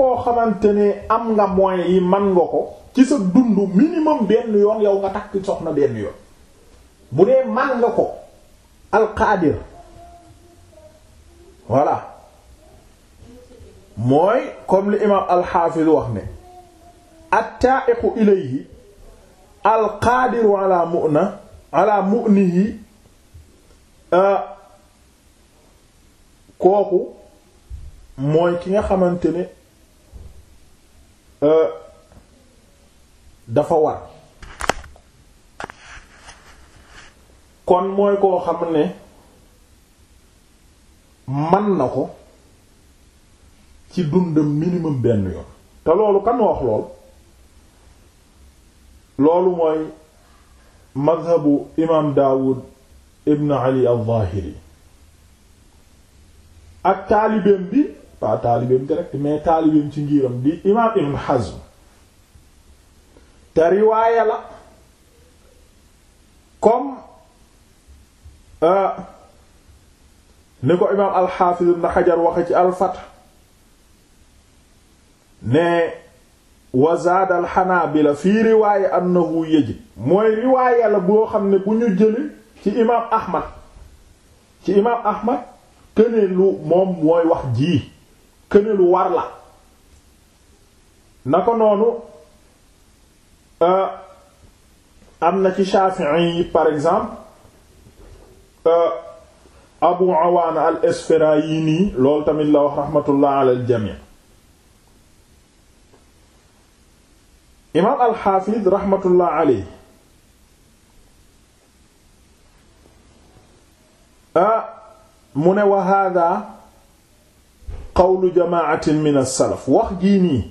koo xamante ne am nga moyens yi man nga ko ci sa dund minimum benn yoon yow nga takk soxna benn yoon bu dee man nga ko alqaadir voilà mooy comme li imaam alxaafiz wax ne euh, kooku mooy ki nga xamante ne Euh, dafa war kon mooy koo xam ne man na ko ci dundam minimum benn yoon te loolu kan wax lool loolu mooy madhabu imaam Daawud ibn Ali al-Zahiri ak taalibeem bi pas taalibeem direct mais taalibeem ci ngiram di imaam Ibn Hazm te riwaaya la comme euh, ni ko imaam al-Hafiz Ibn Hajar waxe ci al-Fath ne wa zaada fii riwaaya annahu yajib mooy riwaaya la boo xam ne bu ñu jële ci imaam Ahmad ci imaam Ahmad këne lu moom mooy wax ji këne lu war la na ko noonu euh, am na ci Shafi'i yi par exemple euh, Abu Awaana al-Isfarayini loolu tamit la wax rahmatullah ala al-jami' imaam al-Hafiz rahmatullah alayhi euh, mu ne wa hada qawlu jamaatin min as-salaf wax jii nii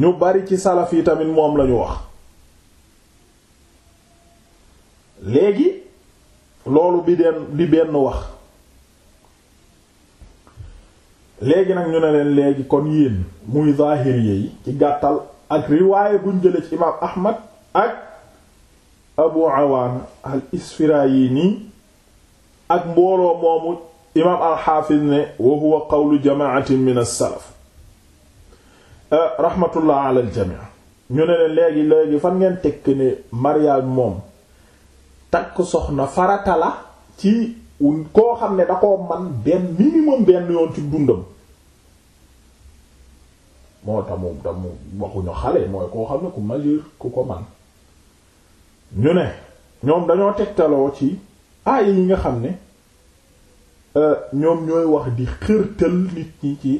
ñu bari ci salaf yi tamit moom lañu wax léegi loolu bi den di benn wax léegi nag ñu ne leen léegi kon yéen muy zaahiriya yi ci gàttal ak riwaaye buñ jële ci imaam ahmad ak abu awaana al isfirayini ak mbooloo moomu imaam alxaafis ne wa huwa qawlu jamaatin min as-salaf eh, rahmatullah ñu ne leen léegi léegi fan ngeen tekk ne mariage moom takk soxna faratala la ci koo xam ne da koo man benn minimum benn yoon ci dundam moo tax mu waxuñu xale mooy koo xam ne ku majeur ku ko man ñu ne ñoom dañoo tegtaloo ci aaya yi nga xam ne Euh, ñoom ñooy wax di xërtal nit ñi ci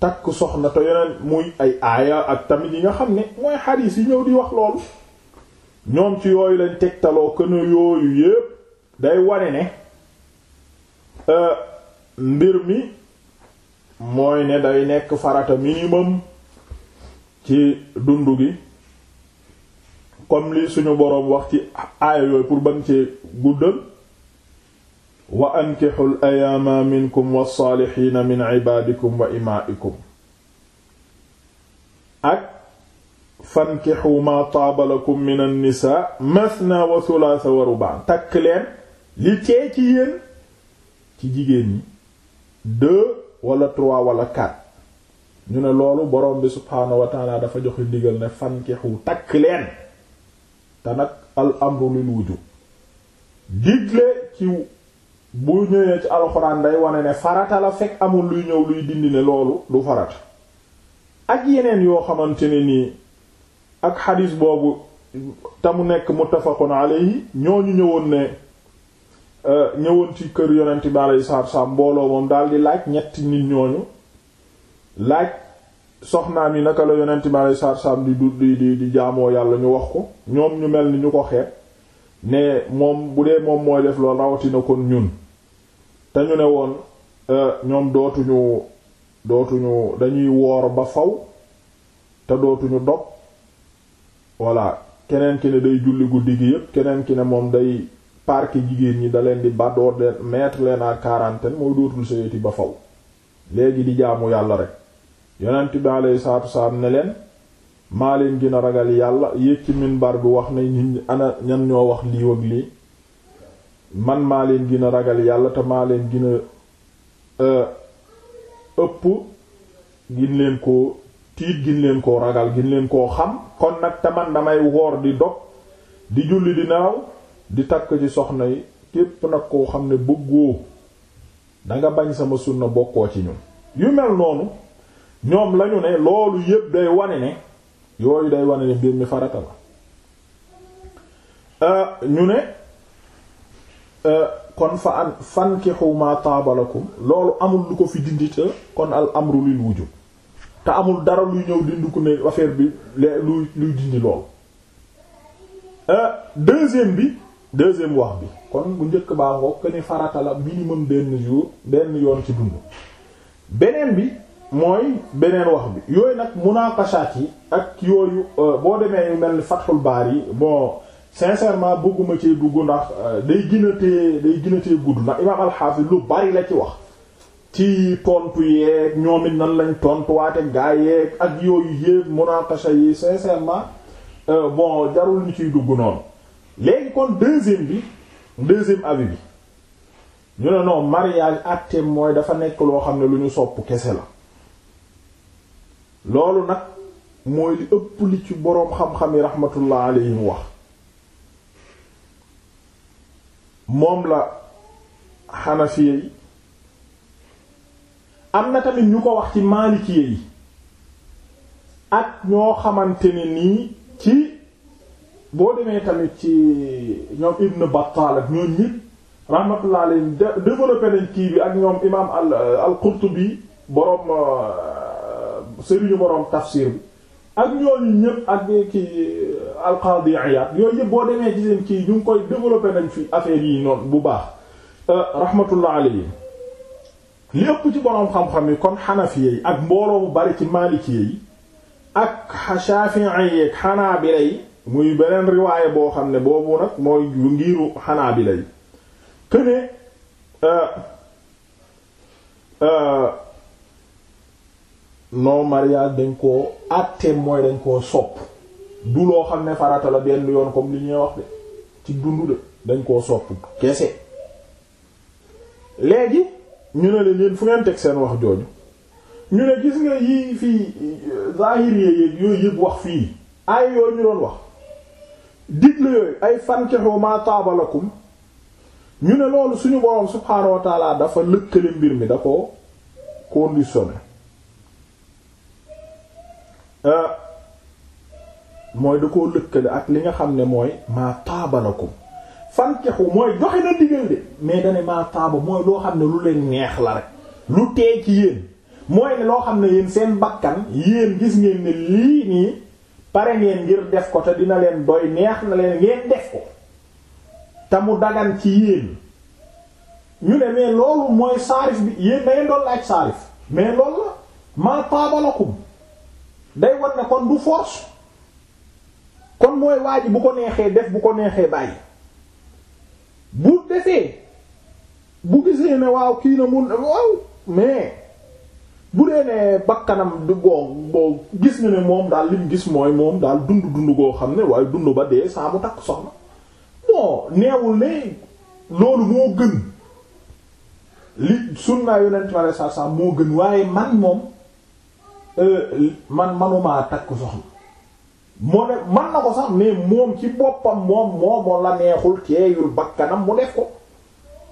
takk soxna te yeneen muy ay aaya ak tamit yi nga xam ne mooy xadiis yi ñëw di wax loolu ñoom ci yooyu lañ tegtaloo këna yooyu yépp day wane ne euh, mbir mi mooy ne day nekk farata minimum ci dund gi comme li suñu boroom wax ci aaya yooyu pour bañ ci guddal wa ankixul ayaama minkum wasaalixiina min cibaadikum wa imaa'ikum ak fankixu maa taabalakum min annisaa masna wa sulaasa wa rubaa takk leen li tee ci yéen ci jigéen ñi deux wala trois wala quatre ñu ne loolu borom bi subhaanahu wa taala dafa joxe ndigal ne fankixu takk leen te nag al amru lil wujub digle ci bu ñëwee ci alxuraan day wane ne farata la fekk amul luy ñëw luy dindi ne loolu du farata ak yeneen yoo xamante ne nii ak xadiis boobu te mu nekk mu muttafaqun alayhi ñooñu ñëwoon ne euh, ñëwoon ci kër yonent bi alayhi salaatu salaam mbooloo moom daal di laaj ñetti nit ñooñu laaj soxnaa mi naka la yonent bi alayhi salaatu salaam di du di di jaamoo yàlla ñu wax ko ñoom ñu mel ni ñu ko xeet ne moom bu dee moom mooy def loolu rawatina kon ñun te ñu ne woon euh, ñoom dootuñu dootuñu dañuy woor ba faw te dootuñu dog voilà keneen ki ne day julli guddi gi yépp keneen ki ne moom day parke jigéen ñi da leen di badoor leen mettre leen à moo mooy dootul sayeti ba faw léegi di jaamu yàlla rek yonent bi alayhi salaatu wasalaam maa leen gën a ragal yàlla yépp ci minbar bi wax ne nit ana ñan ñoo wax lii ak lii man maa leen gën a ragal yàlla te maa leen gën a e, ëpp gin leen ko tiit gin leen koo ragal gin leen koo xam kon nag te man damay woor di dog di julli di naaw di takk ci soxna yi képp nag koo xam ne bëggoo danga bañ sama sunna bokkoo ci ñun yu mel noonu ñoom lañu ne loolu yépp day wane ne yooyu day wane ne mbir mi farata la euh, ñu ne euh, kon fa an fankihu ma taabalakum loolu amul lu ko fi dindi te kon al amru lil te amul dara luy ñëw dindi ku ne affaire bi luy luy dindi lool euh, deuxième bi deuxième wax bi kon bu njëkk baa ngoog que ne farata la minimum benn jour benn yoon ci dund beneen bi mooy beneen wax bi yooyu nag munaqashaat yi ak yooyu euh, boo demee yu mel ni Fathul yi bon sincèrement bëgguma ci dugg ndax euh, day gën a téye day gën a téye gudd ndax imaam al lu bari la ci wax ci tontu yeeg ñoom it nan lañ tontu tontuwaate gaa yeeg ak yooyu yéeg munaqasha yi sincèrement euh, bon jarul ñu ciy dugg noonu léegi kon deuxième bi deuxième avis bi ñu ne non mariage àtteem mooy dafa nekk loo xam ne lu ñu sopp kese la loolu nag mooy li ëpp li ci boroom xam-xam yi rahmatullah alayhim wax moom la xanafiye yi am na tamit ñu ko wax ci maalikiye yi ak ñoo xamante ni nii ci boo demee tamit ci ñoom Ibn Battal ak ñoom ñit rahmatullah alayhim développé nañ kii bi ak ñoom imaam al al Qurtubi boroom euh, sëriñu boroom tafsir bi ak ñooñu ñëpp ak kii euh, alqaadi Iyaad yooyu yëpp boo demee ci seen kii ñu koy développé nañ fi affaire yi noonu bu baax euh, rahmatullah alayhi li ëpp ci boroom xam-xam yi comme xanafiya yi ak mbooloo bu bari ci maalikiya yi ak Shaafi'i yi ak xanaabila yi muy beneen riwaayé boo xam ne boobu nag mooy yu ngiru xanaabila yi que ne euh, non mariage dañ koo àtteem mooy dañ koo sopp du loo xam ne farata la benn yoon comme li ñuy wax de ci dund de dañ koo sopp kese léegi ñu ne leen yéen fu ngeen teg seen wax jooju ñu ne gis nga yii fii zahir yéeg yooyu yëpp wax fii ay yooyu ñu doon wax digle yooyu ay fankihu ma taabalakum ñu ne loolu suñu boroom subhaanahu wa dafa lëkkale mbir mi da ko conditionné Euh, mooy du koo lëkkale ak li nga xam ne mooy maa taaba lakum fankihu mooy joxe na digal de mais dane maa taaba loo xam ne lu leen neex la lu tee ci yéen loo xam ne yéen seen bakkan yéen gis ngeen ne lii nii pare ngeen ngir def ko dina leen doy neex na leen ngeen mu dagan ci yéen ñu day war ne kon du force kon mooy waa bu ko neexee def bu ko neexee bàyyi bu defee bu gisee ne waaw kii na mun waaw mais bu dee ne bakkanam du goo gis na ne moom daal lim gis mooy moom daal dund dund goo xam ne waaye dund ba dee saa mu takk soxna bon neewul ne loolu moo gën li sunna yonent bi sallallahu alayhi moo gën waaye man moom Euh, man manumaa takk soxna moo ne man na ko sax mais moom ci boppam moom moomoo la neexul teeyul bakkanam mu nekk ko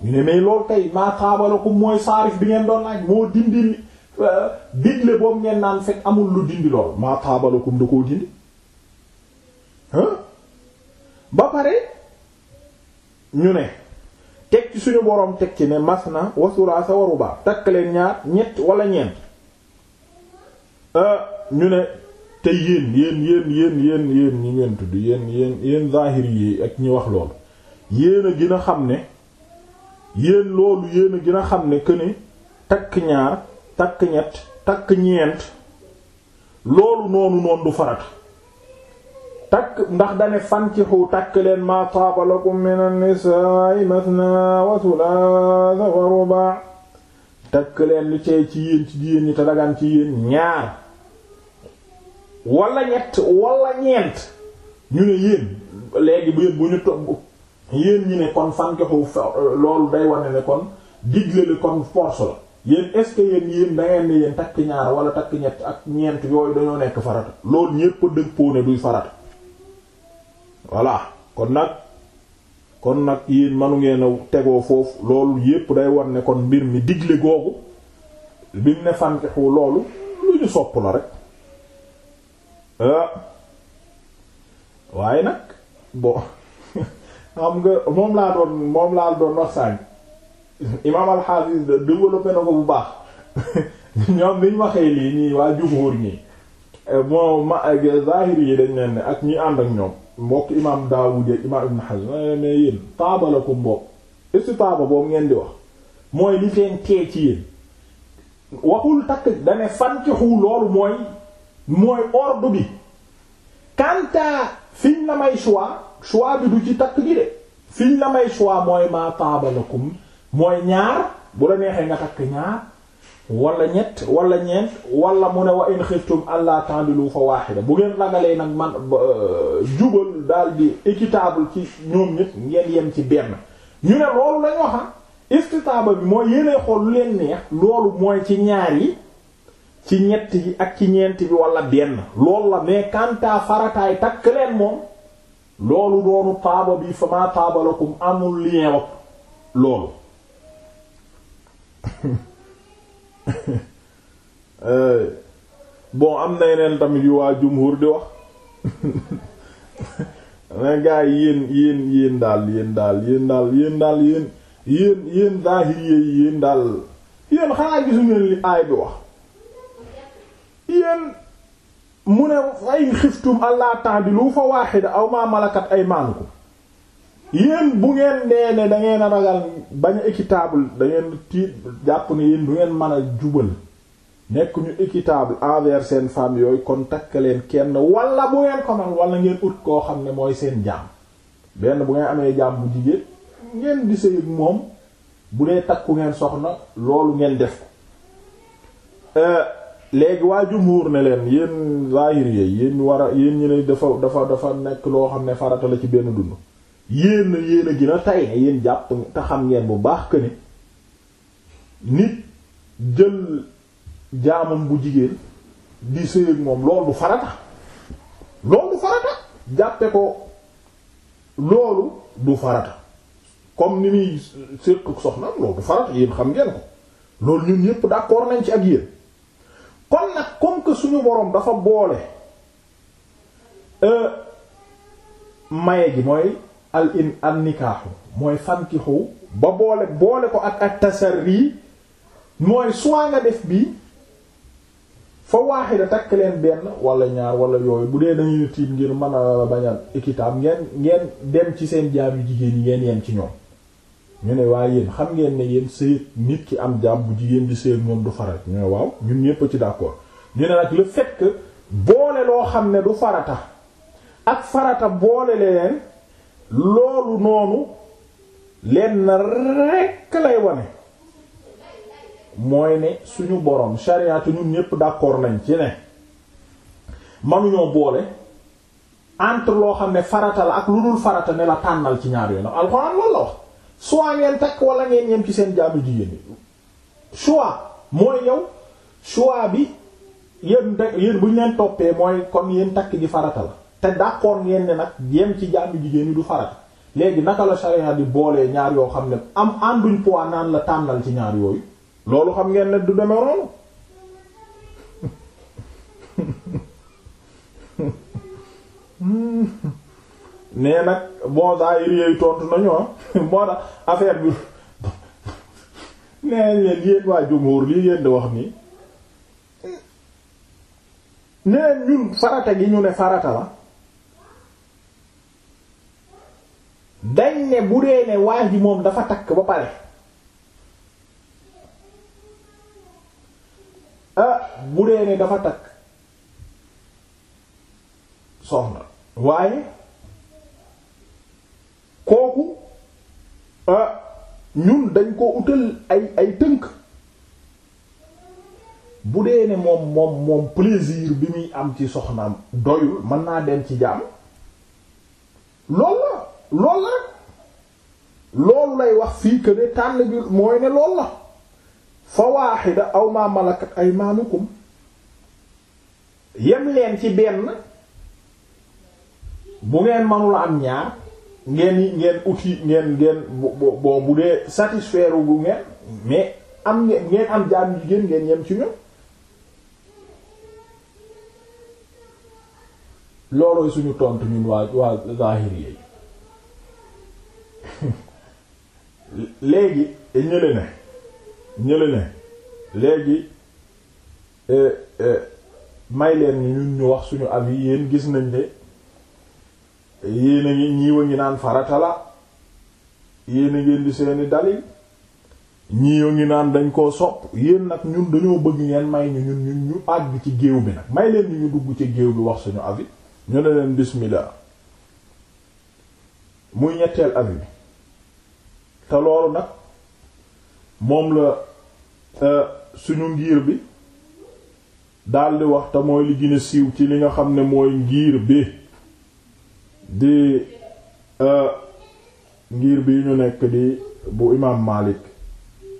ñu ne mais loolu tey maa xaabala ko mooy saarif bi ngeen doon laaj moo dindi euh, digle boobu ngeen naan fekk amul lu dindi lool maa xaabala ko da koo dindi ba pare ñu ne teg ci suñu boroom teg ci ne mas na wasula sa waru baax takk leen ñaar ñett wala ñeent Ah, ñu ne te yéen yéen yéen yéen yéen yéen ñi ngeen tudd yéen yéen yéen zahiri yi ak ñi wax loolu yéen a gën a xam ne yéen loolu yéen a gën a xam ne que ne takk ñaar takk ñett takk ñeent loolu noonu noonu du farata takk ndax dane fankixu takk leen ma taaba lakum min an-nisaa mathna wa thulatha wa ruba takk leen li cey ci yéen ci jigéen ñi te dagaan ci yéen ñaar wala ñett wala ñeent ñu ne yéen léegi bu yéen bu ñu togg yéen ñi ne kon fankehu loolu day wane ne kon digle le kon force la yéen est-ce que yéen da ngeen ne yéen takk ñaar wala takk ñett ak ñeent yooyu dañoo nekk farata loolu ñépp dëppoo ne duy farata kon nag kon nag yéen manu ngeen tegoo foofu loolu yépp day wan ne kon mbir mi digle googu bi mu ne fankehu loolu lu ñu sopp la rek Ah. waaye nag bon xam nga moom laa doon moom laa doon wax sànq imaam al-Hafiz développé na ko bu baax ñoom niñ waxee lii ñii waa jumhur ñii eh, bon ma eh, zahiri yi dañ leen ne ak ñi ànd ak ñoom mbokk imaam Daawud ak imaam Ibn Hazm mais yéen taaba la ko mbokk est taaba boobu ngeen di wax mooy li feen tee ci yéen waxul takk dane fan ci xu loolu mooy mooy ordre bi quant fiñ la may choix choix bi du ci takk gi de fiñ la may choix mooy maa taabalakum mooy ñaar bu la neexee nga takk ñaar wala ñett wala ñeent wala mu ne wa in xiftum allah ta'dilu fa waaxida bu ngeen ragalee nag man euh, jubal daal di équitable ci ñoom ñëpp ngeen yem ci benn ñu ne loolu lañ waxa ah. istitaaba bi mooy yéenee xool lu leen neex loolu mooy ci ñaar yi ci ñett yi ak ci ñeent bi wala benn loolu la mais kantaa farataay takk leen moom loolu doonu taaba bi fa maa taabalakum amul lien wax loolu euh, bon am na yeneen tamit yu waa jumhur di wax na gaa yi yéen yéen yéen daal yéen daal yéen daal yéen daal yéen yéen yéen daal yéen daal yéen xanaa gisu li aay bi wax yéen mu ne ay xiftum allah ta'dilu fa waaxida aw maa malakat aymaanukum yéen bu ngeen nee ne da ngeen a ragal bañ a équitable tiit jàpp ne yéen du ngeen mën a jubal nekk ñu équitable envers seen femme yooyu kon takk leen kenn wala bu ngeen ko man wala ngeen ut koo xam ne mooy seen jaam benn bu ngeen amee jaam bu jigéen ngeen di sëy ak moom bu dee takku ngeen soxna loolu ngeen def ko. Euh, léegi waa jumhur ne leen yéen zahir yi yéen war a yéen ñu ne dafa dafa dafa nekk loo xam ne farata la ci benn dund yéen yéen a gën a tay ne yéen jàpp te xam ngeen bu baax que nit jël jaamam bu jigéen di sëy ak moom loolu du farata loolu du farata jàppe ko loolu du farata comme ni muy séq soxna loolu du farata yéen xam ngeen ko loolu ñun ñépp d'accord nañ ci ak yéen kon nag comme que suñu boroom dafa boole euh, maye ji mooy al in al nikaaxu mooy fankixu ba boole boole ko ak ak tasarri mooy soit nga def bii fa waaxida takk leen benn wala ñaar wala yooyu bu dee dañuy tiit ngir mën a bañal équitable ngeen ngeen dem ci seen jaam yu jigéen yi ngeen yem ci ñoom ñu ne waaye yéen xam ngeen ne yéen sëy nit ki am jaam bu jigéen di sëy moom du farata ñu waaw ñun ñëpp ci d'accord ñu ne nag le fait boole loo xam ne du farata ak farata boole leen loolu leen na rekk mooy ne suñu borom chariatu ñun ñëpp d'accord nañ ci ne boole entre loo xam ne farata la ak lu dul farata ne la tànnal ci ñaar yooyu ndax alxuraan loolu wax soit ngeen takk wala ngeen yem ci seen jaamu jigéen ñi choix mooy yow choix bi yéen rek yéen bu ñu leen toppee mooy kon yéen takk ji farata la te d'accord ngeen ne nag yem ci jaamu jigéen ñi du farata léegi naka la sharia di boolee ñaar yoo xam ne am ànduñ poids naan la tànnal ci ñaar yooyu loolu xam ngeen ne du demee noonu nee nag bon daayir yooyu tontu nañu ah moo tax affaire bi nee leen yéen waa jumhur lii yéen di wax nii nee ñun farata gi ñu ne farata la dañ ne bu dee ne moom dafa takk ba pare ah bu dafa takk soxna waaye kooku ah ñun dañ ko utal ay ay tënk bu dee ne moom moom moom plaisir bi muy am ci soxnaam doyul mën naa dem ci jaam lool la loolu lay wax fii que ne tànn bi mooy ne lool la fa waaxida aw maa ay maanukum yem ci benn bu ngeen manula am ñaar ngeen yi ngeen outil ngeen ngeen bon bu dee satisfaire gu ngeen mais am ngeen ngeen am jaam jigéen ngeen yem ci ñoom loolooy suñu tontu ñun waa waa zahiri yi léegi ñële ne ñële ne léegi eh, eh, may leen ñun ñu wax suñu yi yéen gis nañ de yéen a ngi ngi naan farata la yéen a ngeen di seeni dalil ñiiw ngi naan dañ koo sopp yéen nag ñun dañoo bëgg ngeen may ñu ñun ñu àgg ci géew bi nag may leen ñu dugg ci géew bi wax suñu abi ñu leen bismillah muy ñetteel avis bi te loolu nag moom la euh, suñu ngir bi daldi wax te mooy li gën a siiw ci li nga xam ne mooy ngir bi di euh, ngir bi ñu nekk di bu imaam Maalik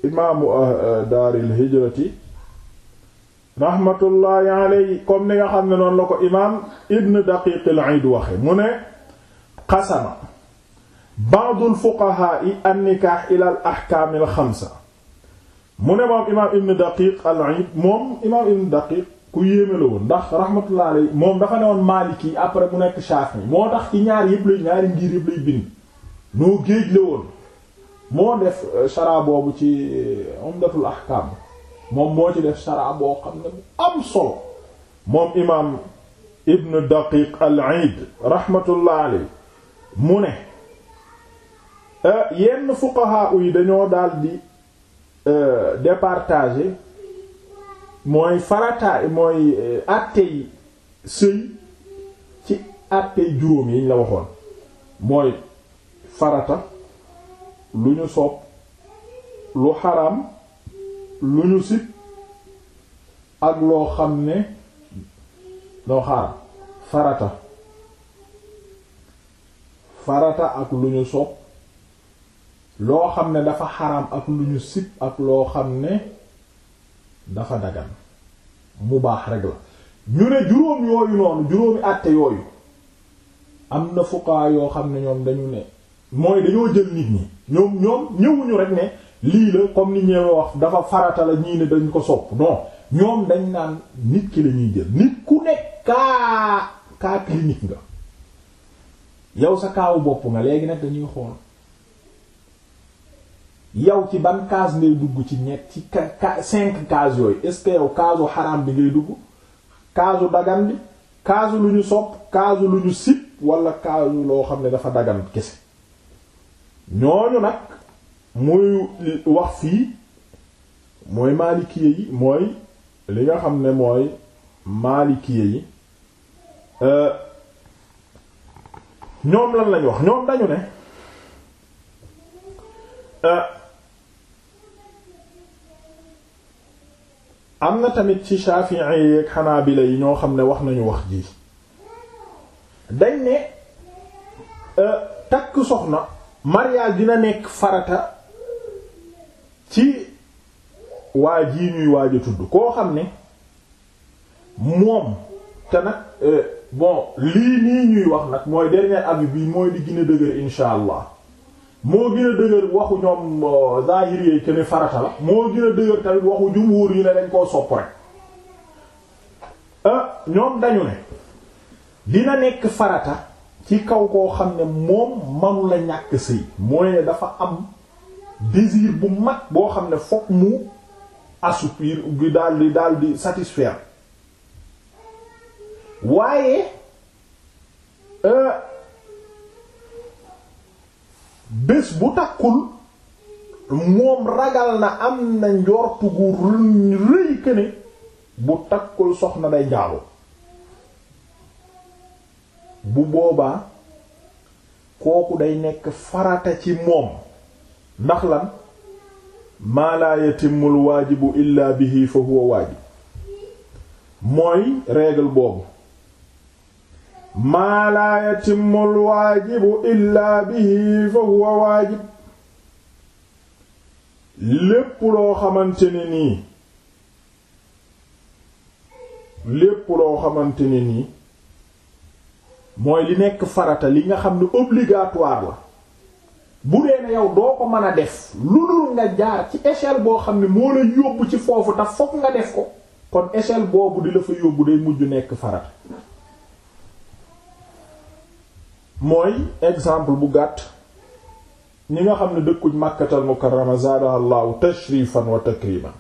imaamu euh, euh, daaril hijrati rahmatullahi alayhi comme ni nga xam ne noonu la ko ibn Daqiq al-Iid waxe mu ne qasama ba'dul fuqahaa'i an-nikaah ilal ahkaamil xamsa mu ne moom imaam ibn Daqiq al-Iid moom imaam ibn Daqiq ku yéeme la woon ndax rahmatullah moom dafa ne woon Maliki après mu nekk Shafi moo tax ci ñaar yëpp lay ñaari ngir yëpp lay bind noo géej la woon moo def euh, chara boobu ci euh, Umdatul boo xam ne am solo moom imaam Ibn Daqiq al-Iid rahmatullah mu ne euh, yenn fuqaha yi dañoo daal di départager mooy farata mooy euh, àttey sëy ci àttey juróom yi ñu la waxoon mooy farata lu ñu sopp lu xaram lu ñu sib ak loo xam ne loo farata farata ak lu ñu sopp loo xam ne dafa xaram ak lu ñu sib ak loo xam ne dafa dagan mu baax rek la ñu ne juróom yooyu noonu juróomi àtte yooyu am na fuqaa yoo xam ne ñoom dañu ne mooy dañoo jël nit ñi ñoom ñoom ñëwuñu rek ne lii la comme ni ñëwee wax dafa farata la ñii ne dañ ko sopp non ñoom dañ naan nit ki la ñuy jël nit ku nekk kaa kaa clinique nga yow sa kaawu bopp nga léegi nag dañuy xool yow ci ban case ngay dugg ci ñett ci cinq case yooyu est-ce que casu xaraam bi ngay dugg casu dagan bi casu lu ñu sopp casu lu ñu sib wala casu loo xam ne dafa dagan kese ñooñu nag muy wax fii mooy maalikiye yi mooy li nga xam ne mooy maalikiye yi euh, ñoom lan lañ wax ñoom dañu ne euh, am na tamit ci Shafi'i ak Hanabila yi ñoo xam ne wax nañu wax ji dañ ne euh, takk soxna mariage dina nekk farata ci waa ji ñuy waaj tudd koo xam ne moom te nag euh, bon lii nii ñuy wax nag mooy dernier avis bi mooy di gën a dëgër allah moo gën a dëgër waxu ñoom euh, zahir yi ne farata la moo gën a dëgër tamit waxu jumhur yi ne dañ koo sopp rek euh, ñoom dañu ne dina nekk farata ci kaw koo xam ne moom manu la ñàkk sëy mooy ne dafa am désir bu mag boo xam ne fokk mu assoupir bi daal di daal di satisfaire waaye euh, bés bu takkul moom ragal na am na njortu rëy këne bu takkul soxna day njaaloo bu boobaa kooku day nekk farata ci moom ndax lan maa laa yatimul waajibu illaa bi fa huwa waajib mooy règle boobu maa laa yatimmu alwaajibu illaa bihi fa huwa waajib lépp loo xamante ne nii lépp loo xamante ne nii mooy li nekk farata li nga xam ne obligatoire la bu dee yow doo ko mën a def lu dul nga jaar ci échelle boo xam ne moo la yóbbu ci foofu te fokk nga def ko kon échelle boobu di la fa yóbbu day mujj nekk farata mooy exemple bu gàtt ñi nga xam ne dëkkuñ màkkatal mukarrama zaadaha allahu tashrifan wa takriman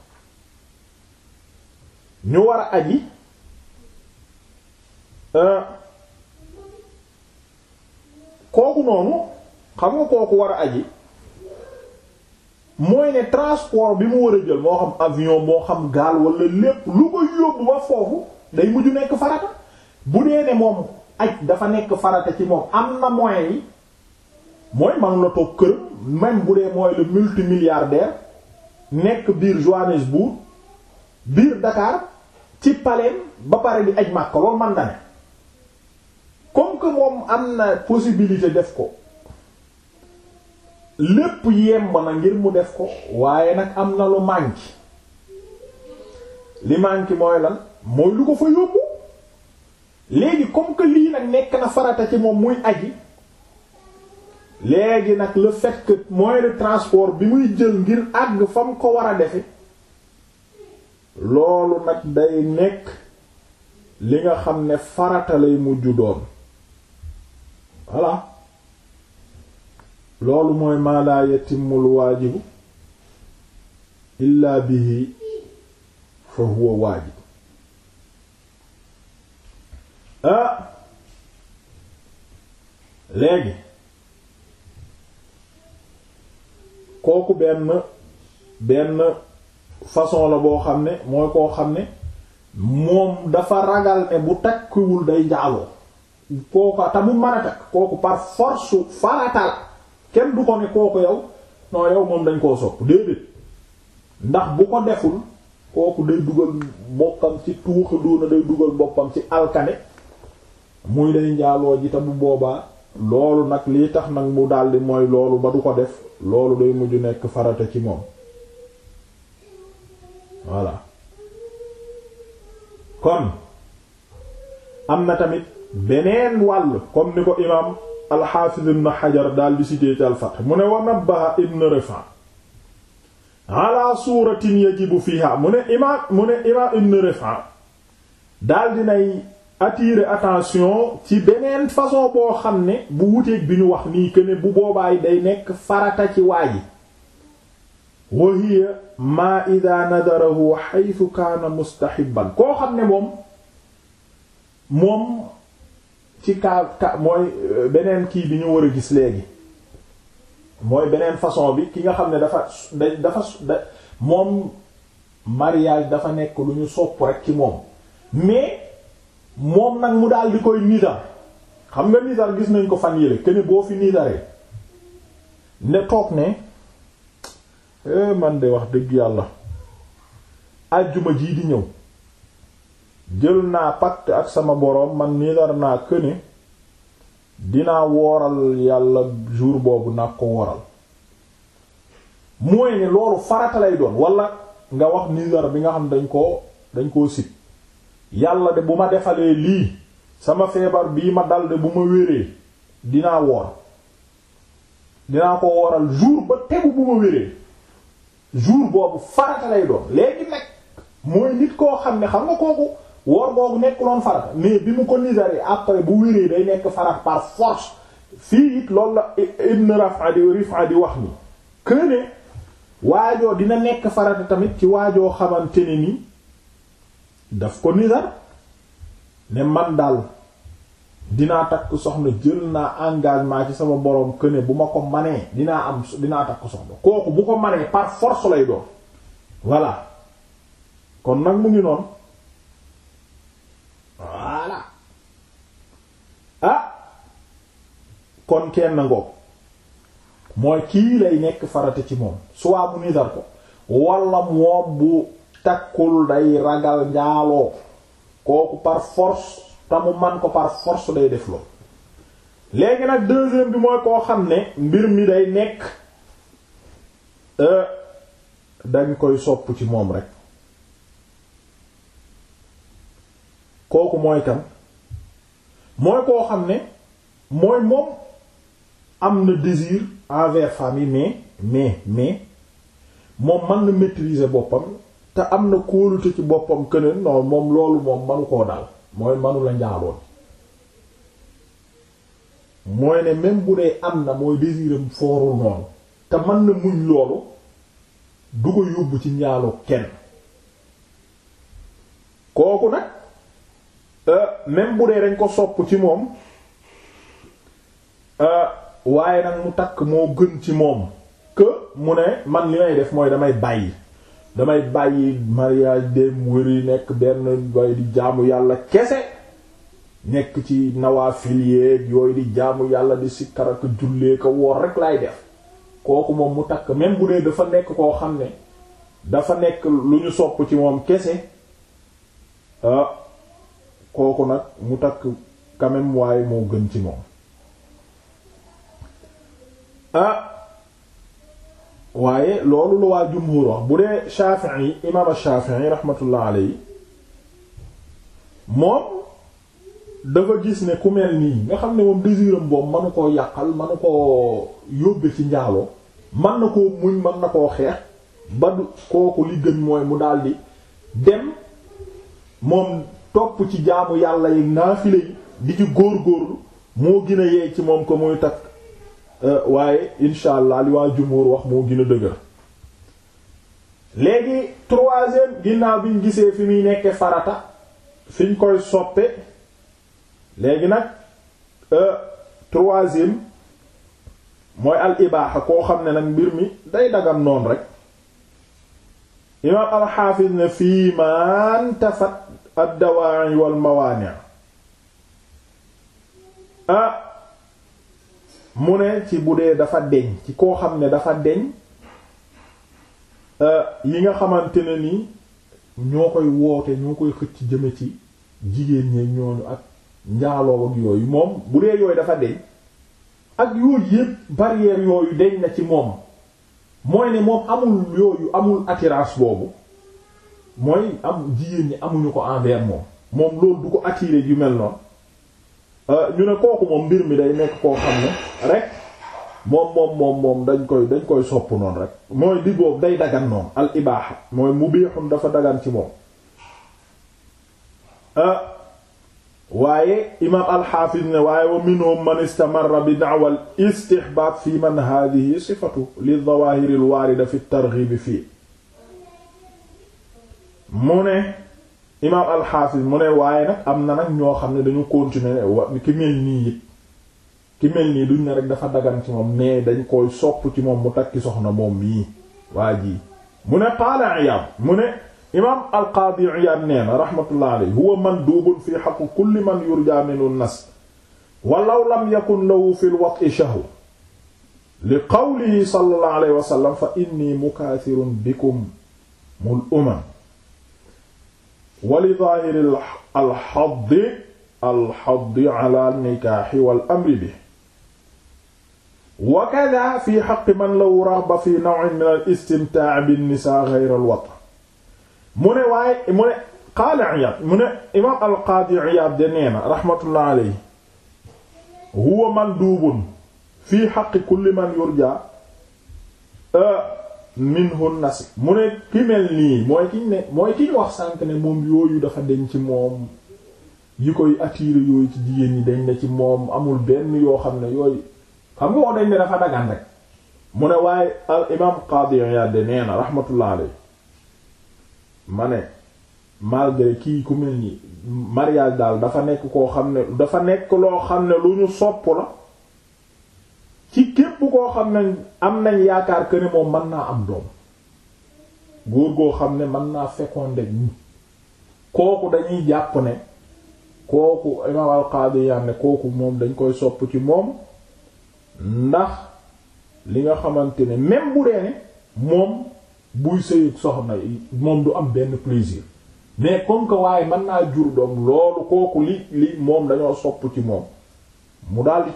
ñu war a aji euh, kooku noonu xam nga kooku war a aji mooy ne transport bi mu war a jël moo xam avion moo xam gaal wala lépp lu ko yóbbu ba foofu day mujj nekk farata bu dee ne moom aj dafa nekk farata ci moom am na moyens yi mooy man la toog kër même bu dee mooy le multimilliardaire nekk biir Johannesburg biir Dakar ci paleem ba pare di aj Makka loolu man na ne comme que moom am na possibilité def ko lépp yemb na ngir mu def ko waaye nag am na lu manque li manque mooy lan mooy lu ko fa yóbbu léegi comme que lii nag nekk na farata ci moom muy aji léegi nag la fait que transport bi muy jël ngir àgg fa mu ko war a defe loolu nag day nekk li nga xam ne farata lay mujj doon voilà loolu mooy maa laa yatimmul waajibu illa bihi fa huwa waajib ah léegi kooku benn benn façon la boo xam ne mooy koo xam ne moom dafa ragal ne bu takkiwul day jaaloo kooku te mu kooku par force faratal kenn du ko ne kooku yow non yow moom dañ koo sopp déedéet ndax bu ko deful kooku day dugal boppam ci tuuxa doona day dugal boppam ci alkane muy day njaaloo ji bu boobaa loolu nag lii tax nag mu daldi mooy loolu ba du ko def loolu day mujj nekk farate ci moom voilà kon am na tamit beneen wàll comme ni ko imaam alxaafiz ibn xajar daldi cité ci alfath mu ne wa nabbaha ibn rifa ala suratin yajibu fiha mu ne imaam mu ne imaam ibn rifa daldi nay attirer attention ci beneen façon boo xam ne bu wuteeg bi ñu wax nii que ne bu boobaay day nekk farata ci waa ji wa hiya maa ida nadarahu xaytu kaana mustaxiban koo xam ne moom moom ci kaa ka mooy euh, beneen kii bi ñu war a gis léegi mooy beneen façon bi ki nga xam ne dafa dafa da moom mariage dafa nekk lu ñu sopp rek ci moom mais moom nag mu daal di koy nidar xam nga nidar gis nañ ko fan yële kene boo fi nidaree ne toog ne eh man de wax dëgg yàlla ajjuma jii di ñëw jël naa pacte ak sama boroom man nidar naa këne dinaa wooral yàlla jour boobu nag ko wooral mooy ne loolu farata lay doon wala nga wax nidar bi nga xam dañ koo dañ koo sit yàlla de bu ma defalee lii sama feebar bii ma dal de bu ma wéree dinaa woor dinaa ko wooral jour ba tegu bu ma wéree jour boobu farata lay doon léegi nag mooy nit koo xam ne xam nga kooku woor boobu nekkuloon farata mais bi mu ko nisaree après bu wéree day nekk farat par force fii it loolu la ibn Raf'a di Rif'a di wax ni que ne waajoo dina nekk farata tamit ci waajoo xamante ne ni daf ko nizar ne man daal dinaa takk soxna jël na engagement ci sama borom que ne bu ma ko manee dinaa am dinaa takk soxna kooku bu ko manee par force lay doon voilà kon nag mu ngi noonu voilà ah kon kenn ngoog mooy kii lay nekk farate ci moom soit mu ko walla moom bu takkul day ragal njaaloo kooku par force te man ko par force day def loolu léegi nag deuxième bi mooy koo xam ne mbir mi day nekk euh, dañ koy sopp ci moom rek kooku mooy kan mooy koo xam ne mooy moom am na désir envers famille mais mais mais moom mën na maîtriser boppam te am na kóolute ci boppam keneen non moom loolu moom manu koo dal mooy manu la njaaloon mooy ne même bu dee am na mooy désiram foorul noonu te mën na muñ loolu du ko yóbbu ci njaaloo kenn kooku nag euh, même bu dee dañ ko sopp ci moom euh, waaye nag mu takk moo gën ci moom que mu ne man li may def mooy damay bàyyi damay bàyyi mariage dem wëri nekk benn way di jaamu yàlla kese nekk ci nawaafil yeek yooyu di jaamu yàlla di sikkar ak jullee ko woor rek laay def kooku moom mu takk même bu dee dafa nekk koo xam ne dafa nekk lu ñu sopp ci moom kese ah kooku nag mu takk quand waaye moo gën ci moom ah, waaye loolu lu waa jumhur wax bu dee Shafi'i imaam Shafi'i rahmatullah alayhi moom dafa gis ne ku mel nii nga xam ne moom désiram boobu manu koo yàqal manu koo yóbbe ci njaalo man na koo muñ man na koo xeex ba du kooku li gën mooy mu daldi dem moom topp ci jaamu yàlla yi naafile yi di ci góor góorlu moo gën a yey ci moom ko muy takk Euh, waaye insha li waa jumhur wax moo gën a dëgër léegi troisième ginnaaw biñ gisee fi muy nekke farata fiñ koy soppe léegi nag euh, troisième mooy al ibaaxa koo xam ne nag mbir mi day dagam noonu rek imaam alxaafis ne fii maan tafat ad-dawa'i wal mawani' ah mu ne ci bu dee dafa deñ ci koo xam ne dafa deñ euh, yi nga xamante ne ni ñoo koy woote ñoo koy xëcc jëme ci jigéen ñi ñooñu ak njaaloo ak yooyu moom bu dee yooyu dafa deñ ak yooyu yépp barrière yooyu deñ na ci moom mooy ne moom amul yooyu amul attirance boobu mooy am jigéen ñi amuñu ko envers moom moom loolu du ko attirer yu mel noonu Euh, ñu ne kooku moom mbir mi day nekk koo xam ne rek moom moom moom dañ koy dañ koy sopp noonu rek mooy di boobu day dagan noonu al ibaaxa mooy mubiixum dafa dagan ci moom euh, waaye imaam alxaafis ne waaye wa minhum man istamarra bi da'wal istihbaab fi man haadihi sifatu li dawaahiril waarida fi targhiib fii mu ne imaam alxaafis mu ne waaye nag am na nag ñoo xam ne dañu continuer wa ki mel nii it ki mel nii duñ ne rek dafa dagan ci moom mais dañ koy sopp ci moom mu takki soxna moom mii waa ji mu ne qaala Iyaad mu ne imaam alqaadi Iyaad nee na rahmatullah alayhi huwa manduubun fi haqqi kulli man yurjaa minhu nasl walaw lam yakun lahu fi lwat'i shahwa li qawlihi sallallahu alayhi wa sallam fa inni mukaasirun bikum mul umam wali zaahiri alxaddi alxaddi ala nikaaxi wal amri bi wa kadaa fi xaqi man lahu raxba fi naw'in min al istimtaa bin nisaa gayra al wat mu ne waaye mu ne qaala Iyaad mu ne imaam alqaadi Iyaad de nee na raxmatullah alayhi huwa manduubun fi xaqi kulli man yurjaa minhun nasi mu ne ki mel nii mooy kiñ ne mooy kiñ wax sànk ne moom yooyu dafa deñ ci moom yi koy attiré yooyu ci jigéen ñi dañ ne ci moom amul benn yoo xam ne yooyu xam nga wax dañ ne dafa dagan rek mu ne waaye al imam Qadi Iyad de nee na rahmatullah ma ne malgré kii ku mel nii mariage daal dafa nekk koo xam ne dafa nekk loo xam ne lu ñu sopp la ci képp koo xam ne am nañ yaakaar que ne moom mën naa am doom góor goo xam ne mën naa féconder ñi kooku dañuy jàpp ne kooku imam al-Qadi kooku moom dañ koy sopp ci moom ndax li nga xamante ne même bu dee ne moom buy sëy soxna yi moom du am benn plaisir mais comme waaye mën naa jur doom loolu kooku li li moom dañoo sopp ci moom mu daal di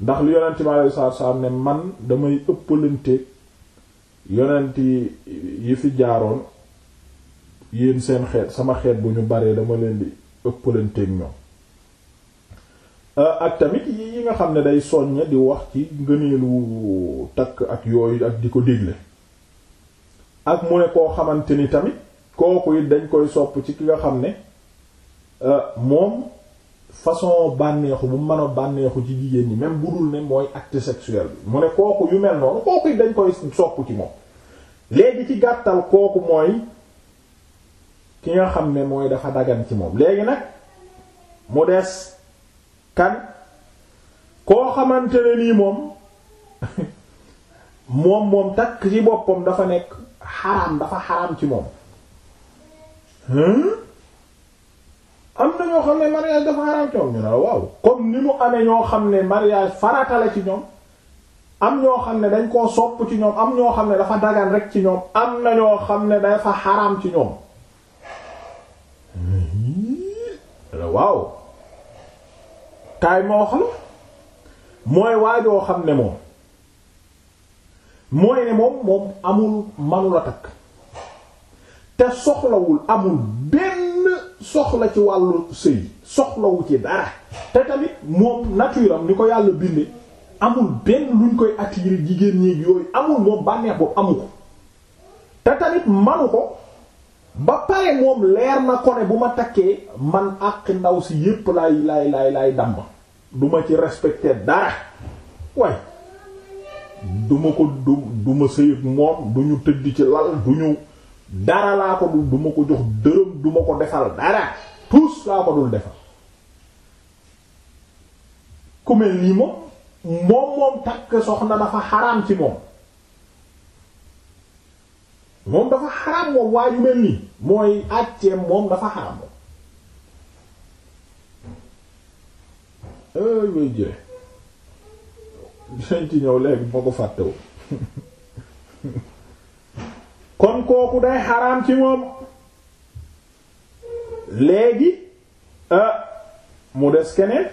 ndax li yonent bi alayhi salaatu salaam ne man damay ëppalanteeg yonent yi fi jaaroon yéen seen xeet sama xeet bu ñu baree dama leen di ëppalanteeg ñoom euh, ak tamit yi nga xam ne day soññe di wax ci ngëneelu takk ak yooyu ak di ko dégle ak mu ne koo xamante ni tamit kooku it dañ koy sopp ci ki nga xam ne euh, moom façon bànneexu bu mën a bànneexu ci jigéen ñi même bu dul ne mooy acte sexuel bi mu ne kooku yu mel noonu kooku dañ koy sopp ci moom léegi ci gàttal kooku mooy ki nga xam ne mooy dafa dagan ci moom léegi nag mu des kan koo xamante ne nii moom moom moom takk ci boppam dafa nekk xaraam dafa xaraam ci moom am na ñoo xam ne mariage dafa xaraam ci ñoom ñu ne waaw comme ni mu amee ñoo xam ne mariage farata la ci ñoom am ñoo xam ne dañ koo sopp ci ñoom am ñoo xam ne dafa dagan rek ci ñoom am na ñoo xam ne fa xaraam ci ñoom waaw kaay ma wax la mooy waajoo xam ne moom moom amul manu la takk te soxlawul amul benn soxla ci wàllu sëy soxlawu ci dara te tamit moom nature ni ko yàlla binde amul benn luñ koy attirer jigéen ñi yooyu amul moom bànneex boobu amu ko te tamit manu ko ba pare moom leer na ko bu ma takkee man ak ndaw si yépp laay laay lay laay damm du ma ci respecter dara waaye du ko du du ma sëy ak moom du ñu tëdd ci lal du ñu dara laa ko dul du ma ko jox dërëm du ma ko defal dara tous laa ko dul defal ku mel nii moom moom moom takk soxna dafa xaram ci moom moom dafa xaraam moom waa mel nii mooy àcceem moom dafa xaraam moom eey way jële dinañ ci ñëw léegi moo ko fàttewu kon kooku day xaraam ci moom léegi euh, mu des keneen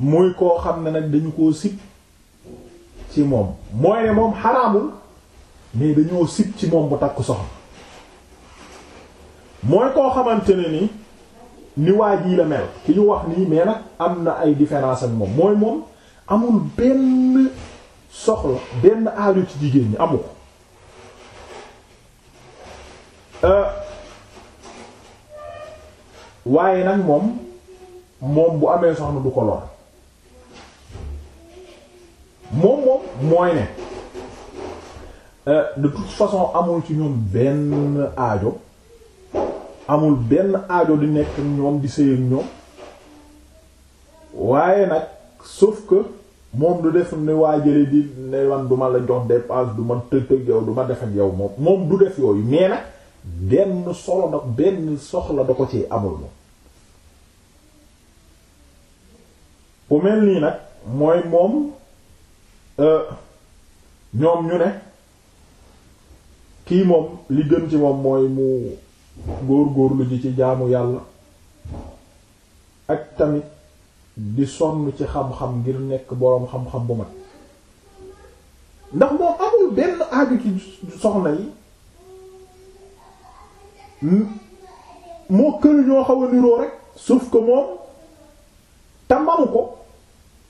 muy koo xam ne nag dañu koo sib ci moom mooy ne moom xaraamul mais dañoo sib ci moom mu takk soxna mooy koo xamante ne ni ni waa jii la mel ki ñu wax nii mais nag am na ay différence ak moom mooy moom amul benn soxla benn aajo ci jigéen ñi amu ko euh, waaye nag moom moom bu amee soxna du ko lor moom moom mooy ne euh, de toute façon amul ci ñoom benn aajo amul benn aajo di nekk ñoom di sëy ak ñoom waaye nag sauf que moom du def ne waa jële di ne lan du la jox dépense du ma tëg-tëg yow du ma def yow moom moom du def yooyu mais nag benn solo da benn soxla da ko ci amul moom ku mel nii nag mooy moom euh, ñoom ñu ne kii moom li gën ci moom mooy mu góor góorlu ji ci jaamu yàlla ak tamit di sonn ci xam-xam ngir nekk boroom xam-xam bu mag ndax moom amul benn aaju ci soxna yi moo kër ñoo xaw niroo rek sauf que moom te manu ko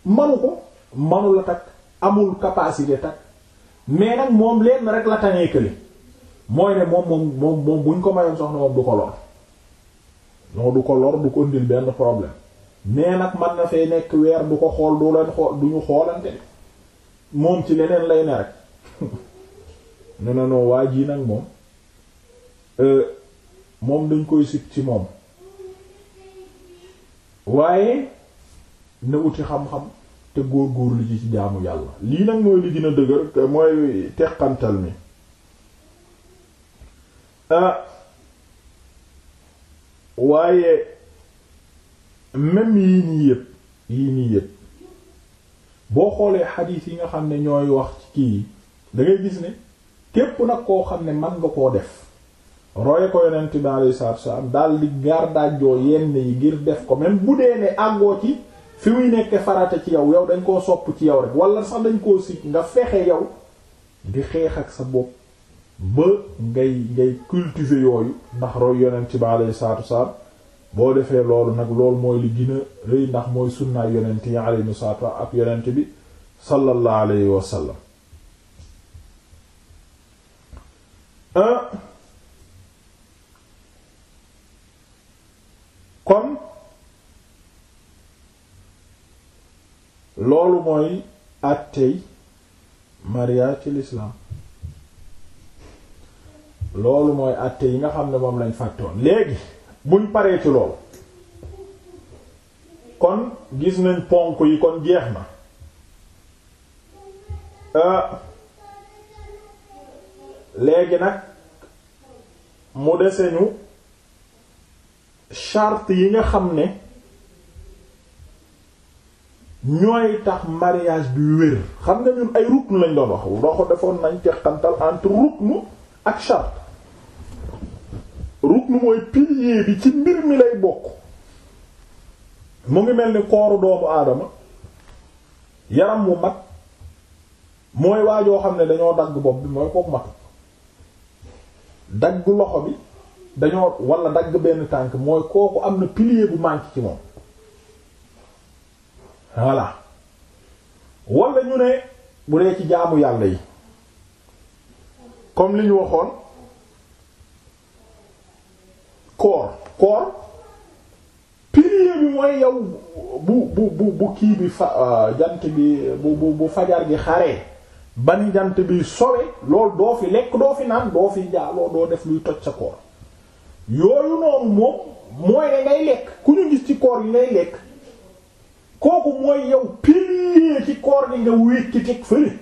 manu ko manu la takk amul capacité takk mais nag moom leen rek la tanee kële mooy ne moom moom moom moom buñ ko mayoon soxna moom du ko lor non du ko lor du ko indil benn problème mais nag man na fay nekk weer bu ko xool du leen xool duñu xoolante moom ci leneen lay ne rek ne na noo waa jii nag moom euh, moom dañ koy sit ci moom waaye na wuti xam-xam te góor-góorlu ji ci jaamu yàlla lii nag mooy li dina dëgër mooy teqantal mi euh, waaye même yii nii yëpp yii nii yëpp boo xoolee xadiis yi nga xam ne ñooy wax ci kii yi da gis ne képp nag koo xam ne man nga koo def roye ko yonent bi alayhi salaatu wasallam daal di gardaajoo yenn yi ngir def ko même bu dee ne àggoo ci fi muy nekk farata ci yow yow dañ koo sopp ci yow rek wala sax dañ koo sikk nga fexe yow di xeex ak sa bopp ba ngay ngay cultiver yooyu ndax roy yonent bi alayhi salaatu boo defee loolu nag loolu mooy li gën a rëy ndax mooy sunnaay yonent yi alayhi salaatu ak yonent bi sallallahu alayhi wa sallam euh, kon loolu mooy àttey mariage ci l'islam loolu mooy àtte yi nga xam ne moom lañ fàttoon léegi buñ paree ci lool kon gis nañ ponk yi kon jeex na euh, léegi nag mu dese ñu yi nga xam ne ñooy tax mariage bi wér xam nga ñun ay rukn lañ doon wax waxu defoon nañ teqantal entre rukn ak charte lu mooy pilier bi ci mbir mi lay bokk mu ngi mel ni kooru doomu aadama yaram mu mat mooy waajoo xam ne dañoo dagg bopp bi mooy ko mat dagg loxo bi dañoo wala dagg benn tànk mooy kooku am na pilier bu manqué ci moom voilà wala ñu ne bu dee ci jaamu yàlla yi comme li ñu waxoon koor koor prier bi mooy yow bu bu bu kii bi fa euh, jant bi bu bu fajar gi xaree bani jant bi sowe loolu doo fi lekk doo fi naan doo fi jaaloo doo def luy toj sa koor yooyu noonu moom mooy ne ngay lekk ku ñu gis ci koor yi ngay lekk kooku mooy yow pilier ci koor gi nga wékki teg fële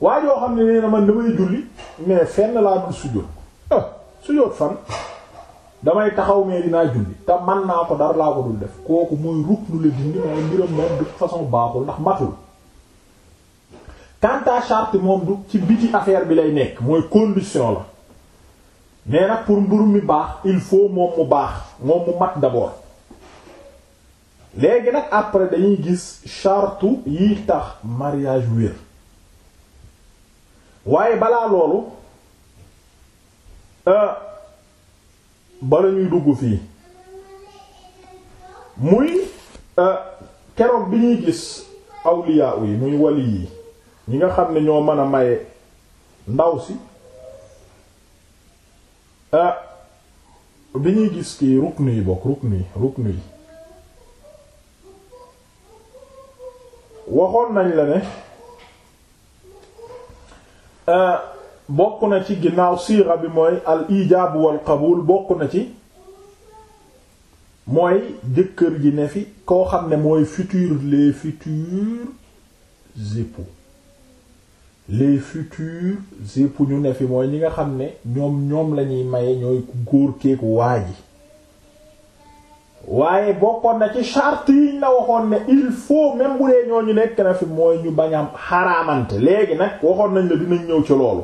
waaye yoo xam ne nee na man damay julli mais fenn laa dul sujjóot ah, sujjóot fan damay taxaw mais dinaa julli te man naa ko dara laa ko dul def kooku mooy ruknu la dindi mooy mbiram moom de façon baaxul ndax matul quant à charte moom du ci biti affaire bi lay nekk mooy condition la mais nag pour mburu mi baax il faut moom mu baax moom mu mat d'abord léegi nag après dañuy gis charte yi tax mariage wér waaye balaa loolu euh, bala ñuy dugg fii muy euh, keroog bi ñuy gis awliya yi muy wali yi ñi nga xam ne ñoo mën a maye ndaw si ah bi ñuy gis kii ruknu yi bokk ruknu yi ruknu yi waxoon nañ la ne euh, bokk na ci ginnaaw siira bi mooy al ijaab wal qabuul bokk na ci mooy jëkkër ji ne fi koo xam ne mooy futurs les futurs époux les futurs époux ñu ne fi mooy ñi nga xam ne ñoom ñoom lañuy maye ñooy góor keeg waa ji waaye bokkoon na ci charte yiñ la waxoon ne il faut même bu dee ñooñu nekk na fi mooy ñu bañam xaraamante léegi nag waxoon nañ la dinañ ñëw ci loolu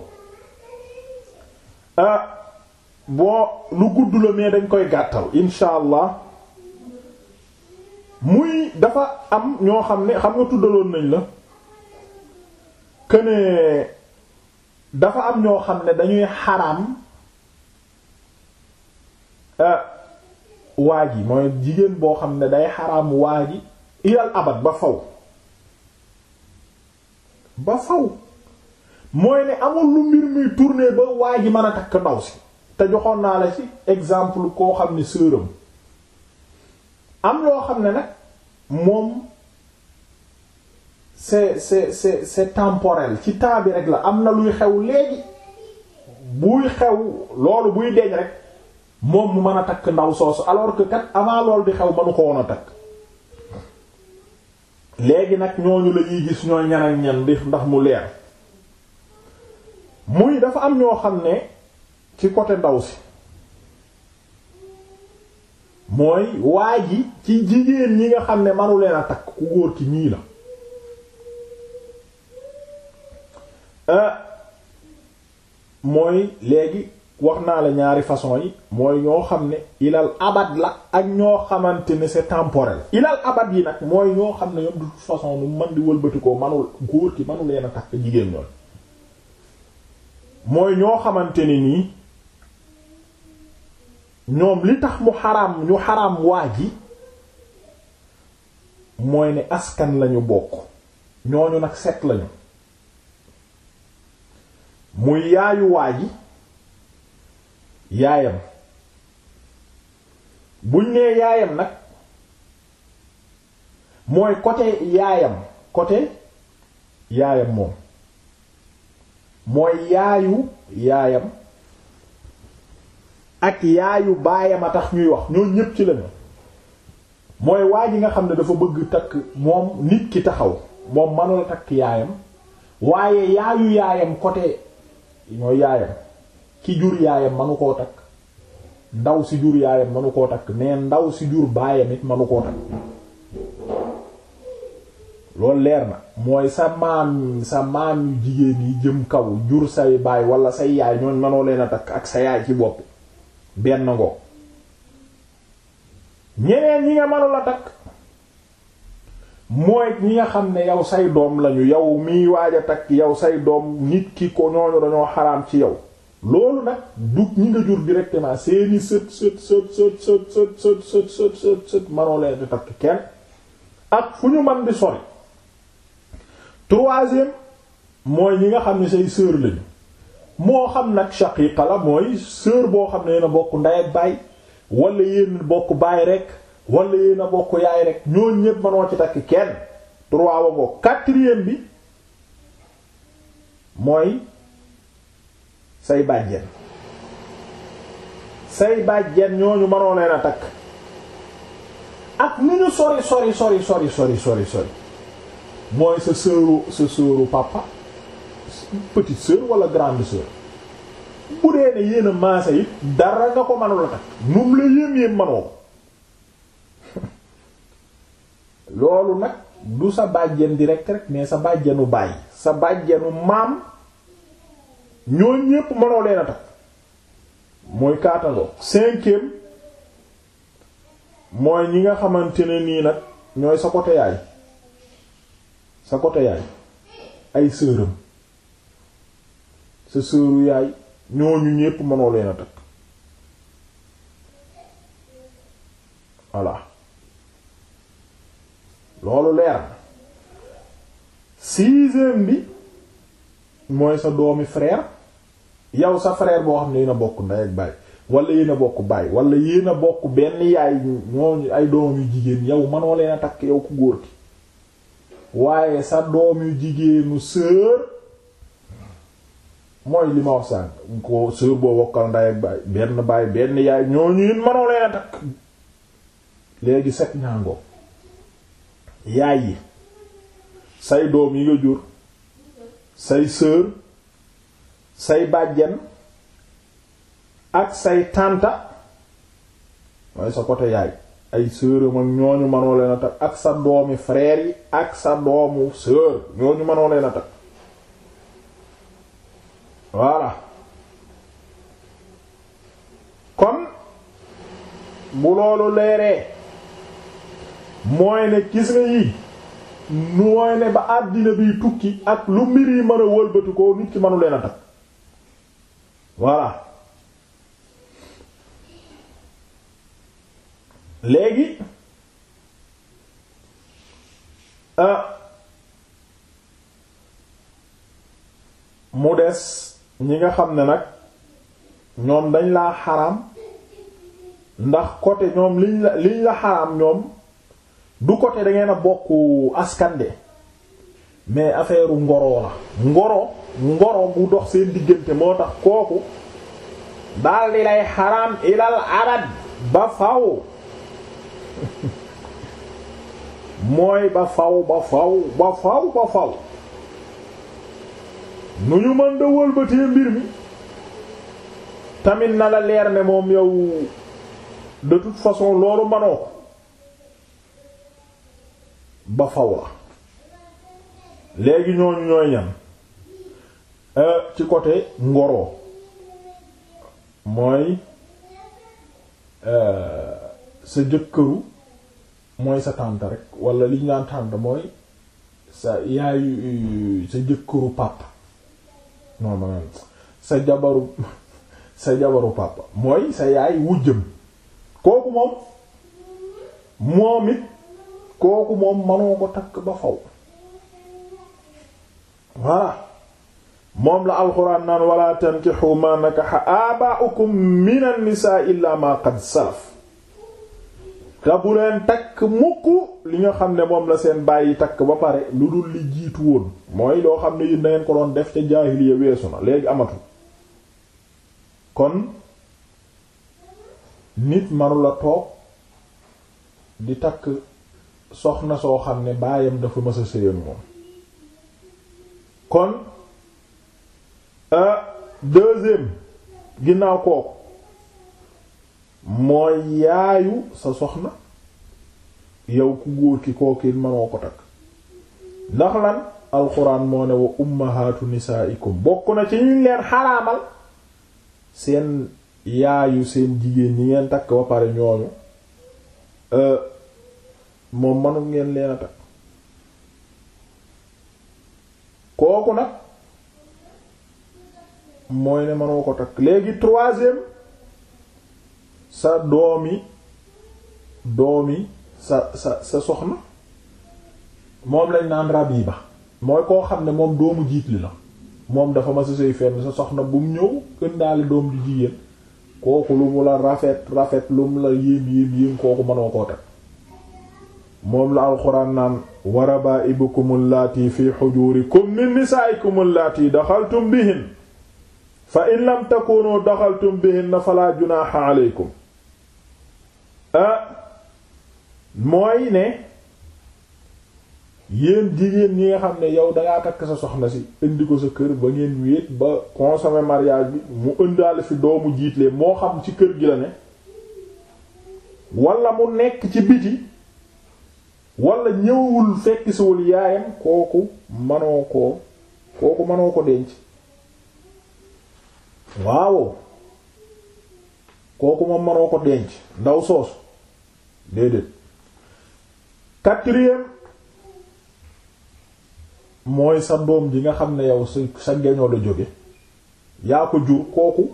Ah, boo lu gudd la mais dañ koy gàttal insha muy dafa am ñoo xam ne xam nga tuddaloon nañ la këne dafa am ñoo xam ne dañuy xaraam ah, waa ji mooy jigéen boo xam ne day xaraam waa ji ilal abad ba faw ba faw mooy ne amul lu mbir muy tourner ba waa ji mën a takk ndaw si te joxoon naa la ci exemple koo xam ne sëram am loo xam ne nag moom c'est c'est c'est c'est temporel ci temps bi rek la am na luy xew léegi buy xew loolu buy deñ rek moom mu mën a takk ndaw soosu alors que kat avant loolu di xew mënu ko woon a takk léegi nag ñooñu la ñuy gis ñooy ñan ak ñan di ndax mu leer muy dafa am ñoo xam ne ci côté ndaw si mooy waa ji ci jigéen ñi nga xam ne manu leen a takk ku góor ki nii la euh, mooy léegi wax naa la ñaari façon yi mooy ñoo xam ne ilal abad la ak ñoo xamante ne c'est temporel ilal abad yi nag mooy ñoo xam ne ñoom de toute façon nu man di wëlbatikoo manul góor ki manu leen a takk jigéen ñoon mooy ñoo xamante ni nii ñoom li tax mu xaraam ñu xaraam waa ji mooy ne askan lañu bokk ñooñu nag set lañu muy yaayu waa ji yaayam buñ nee yaayam nag mooy côté yaayam côté yaayam moom mooy yaayu yaayam ak yaayu baayam a tax ñuy wax ñooñu ñépp ci lañu mooy waa ji nga xam ne dafa bëgg takk moom nit ki taxaw moom manula takk yaayam waaye yaayu yaayam côté mooy yaayam ki jur yaayam manu koo takk ndaw si jur yaayam manu koo takk ne ndaw si jur baayam it manu koo takk loolu leer na mooy sa maam sa maam yu jigéen yi jëm kaw jur say baay wala say yaay ñooñ mënoo leen a takk ak sa yaay ci bopp benn ngoo ñeneen ñi nga mënul a takk mooy ñi nga xam ne yow say doom lañu yow miy waaja takk yow say doom nit ki ko ñooñu dañoo xaraam ci yow loolu nag du ñi nga jur directement seeni sët sët sët sët sët sët sët sët sët sët mënoo leen takk kenn ak fu ñu mën di sori troisième mooy ñi nga xam ne say sœur lañu moo xam nag shaqiqa la mooy sœur boo xam ne yéen bokk ndey ak baay wala yéen bokk baay rek walla yéen a bokk yaay rek ñooñu ñépp mënoo ci takk kenn trois wa bokk quatrième bi mooy say bàjjen say ñoo ñu mënoo leen a takk ak ni ñu sori sori sori sori sori sori sori mooy sa sœuru sa sœuru papa petite sœur wala grande sœur bu dee ne yéen a maase it dara nga ko manula nag moom la yéem yéem manoo ko loolu nag du sa bàjjen direct rek mais sa bàjjenu baay sa bàjjenu maam ñoo ñépp manoo leen a takk mooy kaatangoo cinquième mooy ñi nga xamante ne nii nag ñooy sa côté yaay sa côté yaay ay sëram sa sëru yaay ñooñu ñépp mënoo leen a takk voilà loolu leer na sixième bi mooy sa doomi frère yow sa frère boo xam ne yéen a bokk ndey ak baay wala yéen a bokk baay wala yéen a bokk benn yaay ñu ay doom yu jigéen yow mënoo leen a takk yow ku góor ki waaye sa doom yu jigéenu sœur mooy li ma wax sànq ko sœur boo bokkal nday baay benn baay benn yaay ñooñu it mënoo leen a takk léegi set ñaango yaay yi say doom yi nga jur say sœur say bàjjen ak say tànta mooy sa côté yaay ay sœuram ak ñooñu mënoo leen a takk ak sa doomi frère yi ak sa doomu sœur ñooñu mënoo leen a takk voilà kon bu loolu leeree mooy ne gis nga yii mooy ne ba àddina biy tukki ak lu mbir yi mën a wëlbati ko nit ci mënu leen a takk voilà léegi euh, mu des ñi nga xam ne nag ñoom dañ laa xaram ndax côté ñoom liñ la liñ la xaraam ñoom du côté da ngeen a bokk askande mais affaire ngoro la ngoro ngoro bu dox seen diggante moo tax kooku daal di lay xaraam ilal abad ba faw mooy ba faw ba faw ba faw ba faw nu ñu mën da wëlbatee mbir mi tamit na la leer ne moom yow de toute façon loolu manoo ko ba faw la léegi ñooñu ñooy ñam euh, ci côté ngoro mooy euh, sa jëkkëru mooy sa tante rek wala li ñu naan tante mooy sa yaayu sa jëkkëru papa sa jabaru sa mooy sa yaay wujjëm kooku moom moom it kooku moom manoo ko takk ba faw voilà moom la alxuraan naan wala tankihu ma nakaha aba'ukum minan nisaa illa ma qad salaf te bu leen takk mukk li nga xam ne moom la seen bàyyi takk ba pare lu dul li jiitu woon mooy loo xam ne yéen na ko doon def ca jaahiliya weesu na léegi amatu kon nit manula toog di takk soxna soo xam ne baayam dafa mës a moom kon euh, deuxième ginnaaw kooku mooy yaayu sa soxna yow ku góor ki kookiin manoo ko takk ndax lan alxuraan moo ne wa ummahatu nisaikum bokk na ci ñu leen xaraamal seen yaayu seen jigéen ñi ngeen takk ba pare ñooñu euh, moom manu ngeen leen a takk kooku nag mooy ne manoo ko takk léegi troisième sa doomi doomi sa sa soxna moom lañ naan Rabiba mooy koo xam ne moom doomu jiit li la moom dafa ma sa fenn sa soxna bu ñëw kën daale doom jigéen kooku lu mu la rafet rafet lu mu la yéem yéem yéem kooku mënoo koo teg moom la alxuraan naan wa rabaa'ibukum allaati fi hujurikum min nisaa'ikum allaati daxaltum bihin fa in lam takuunu daxaltum bihin falaa junaaha alaykum Euh, mooy ne yéen jigéen ñi nga xam ne yow dangaa takk sa soxna si indi ko sa kër ba ngeen wéet ba consommer mariage bi mu ëndaale fi doomu jiitlee moo xam ci kër gi la ne wala mu nekk ci biti wala ñëwul fekk siwul yaayam kooku manoo koo kooku manoo ko denc waaw kooku moom manoo ko denc ndaw soosu déedéet quatrième mooy sa doom ji nga xam ne yow sa sa geñoo la jóge yaa ko jur kooku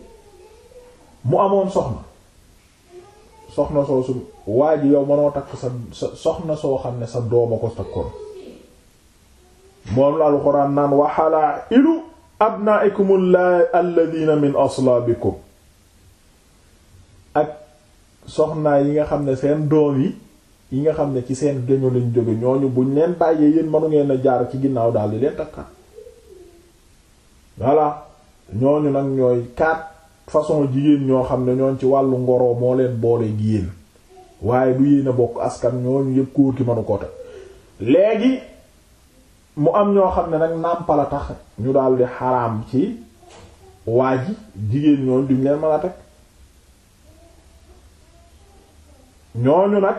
mu amoon soxna soxna soosu waa ji yow manoo takk sa soxna soo xam ne sa dooma ko takkoon moom la alxuraan naan waxalaa ilu abnaikum alladina min aslaabikum soxnaa yi nga xam ne seen doom yi yi nga xam ne ci seen géño lañ jóge ñooñu buñ leen bàyyee yéen manu ngeen a jaar ci ginnaaw daal di leen takka voilà ñooñu nag ñooy quatre façon jigéen ñoo xam ne ñooñ ci wàllu ngoroo moo leen boole gi waaye du yéen a bokk askan ñooñu yëpp kóor ki manu ko takk léegi mu am ñoo xam ne nag nàmpala tax ñu daal di xaraam ci waa jigéen ñooñ duñ leen mën a takk ñooñu nag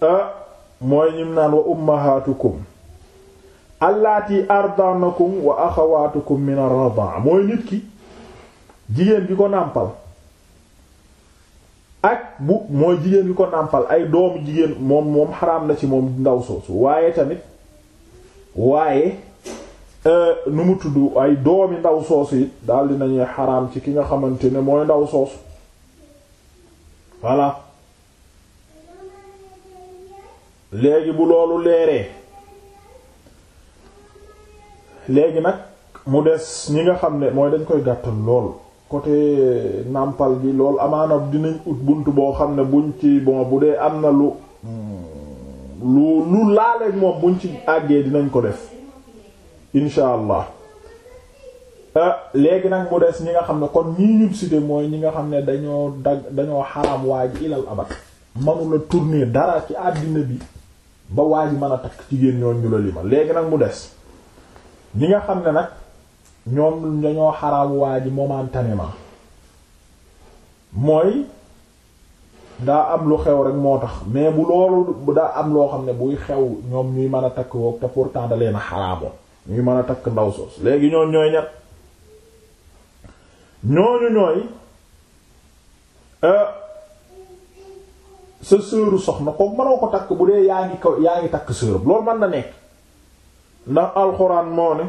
ah, mooy ñim naan wa ummahatukum allati ardanakum wa axawatukum min ar-radaa mooy nit ki jigéen bi ko nàmpal ak bu mooy jigéen bi ko nàmpal ay doomu jigéen moom moom xaraam na ci moom ndaw soosu waaye tamit waaye eh, nu mu tudd ay doomi ndaw soosu it daal dinañuy xaraam ci ki nga xamante ne mooy ndaw soosu voilà léegi bu loolu leeree léegi nag mu des ñi nga xam ne mooy dañ koy gàttal lool côté nàmpal gi lool amaana dinañ ut bunt boo xam ne buñ ci bon bu dee am na lu lu lu laaleeg moom buñ ci àggee dinañ ko def incha allah euh, léegi nag mu des ñi nga xam ne kon ñii ñu cité mooy ñi nga xam ne dañoo dagg dañoo xaram waa ji ilal abat manula tourner dara ci àddina bi ba waa ji mën a takk ci jigéen ñoo ñu la limal léegi nag mu des ñi nga xam ne nag ñoom dañoo xaraam waa ji momentanément mooy daa am lu xew rek moo tax mais bu loolu daa am loo xam ne buy xew ñoom ñuy mën a takk woog te pourtant da leen a xaraamoon ñuy mën a takk ndaw soos léegi ñooñu ñooy ñett ñooñu ñooy euh, sa sëru soxna ko mënoo ko takk bu dee yaa ngi kaw yaa ngi takk sëram loolu mën na nekk ndax alxuraan moo ne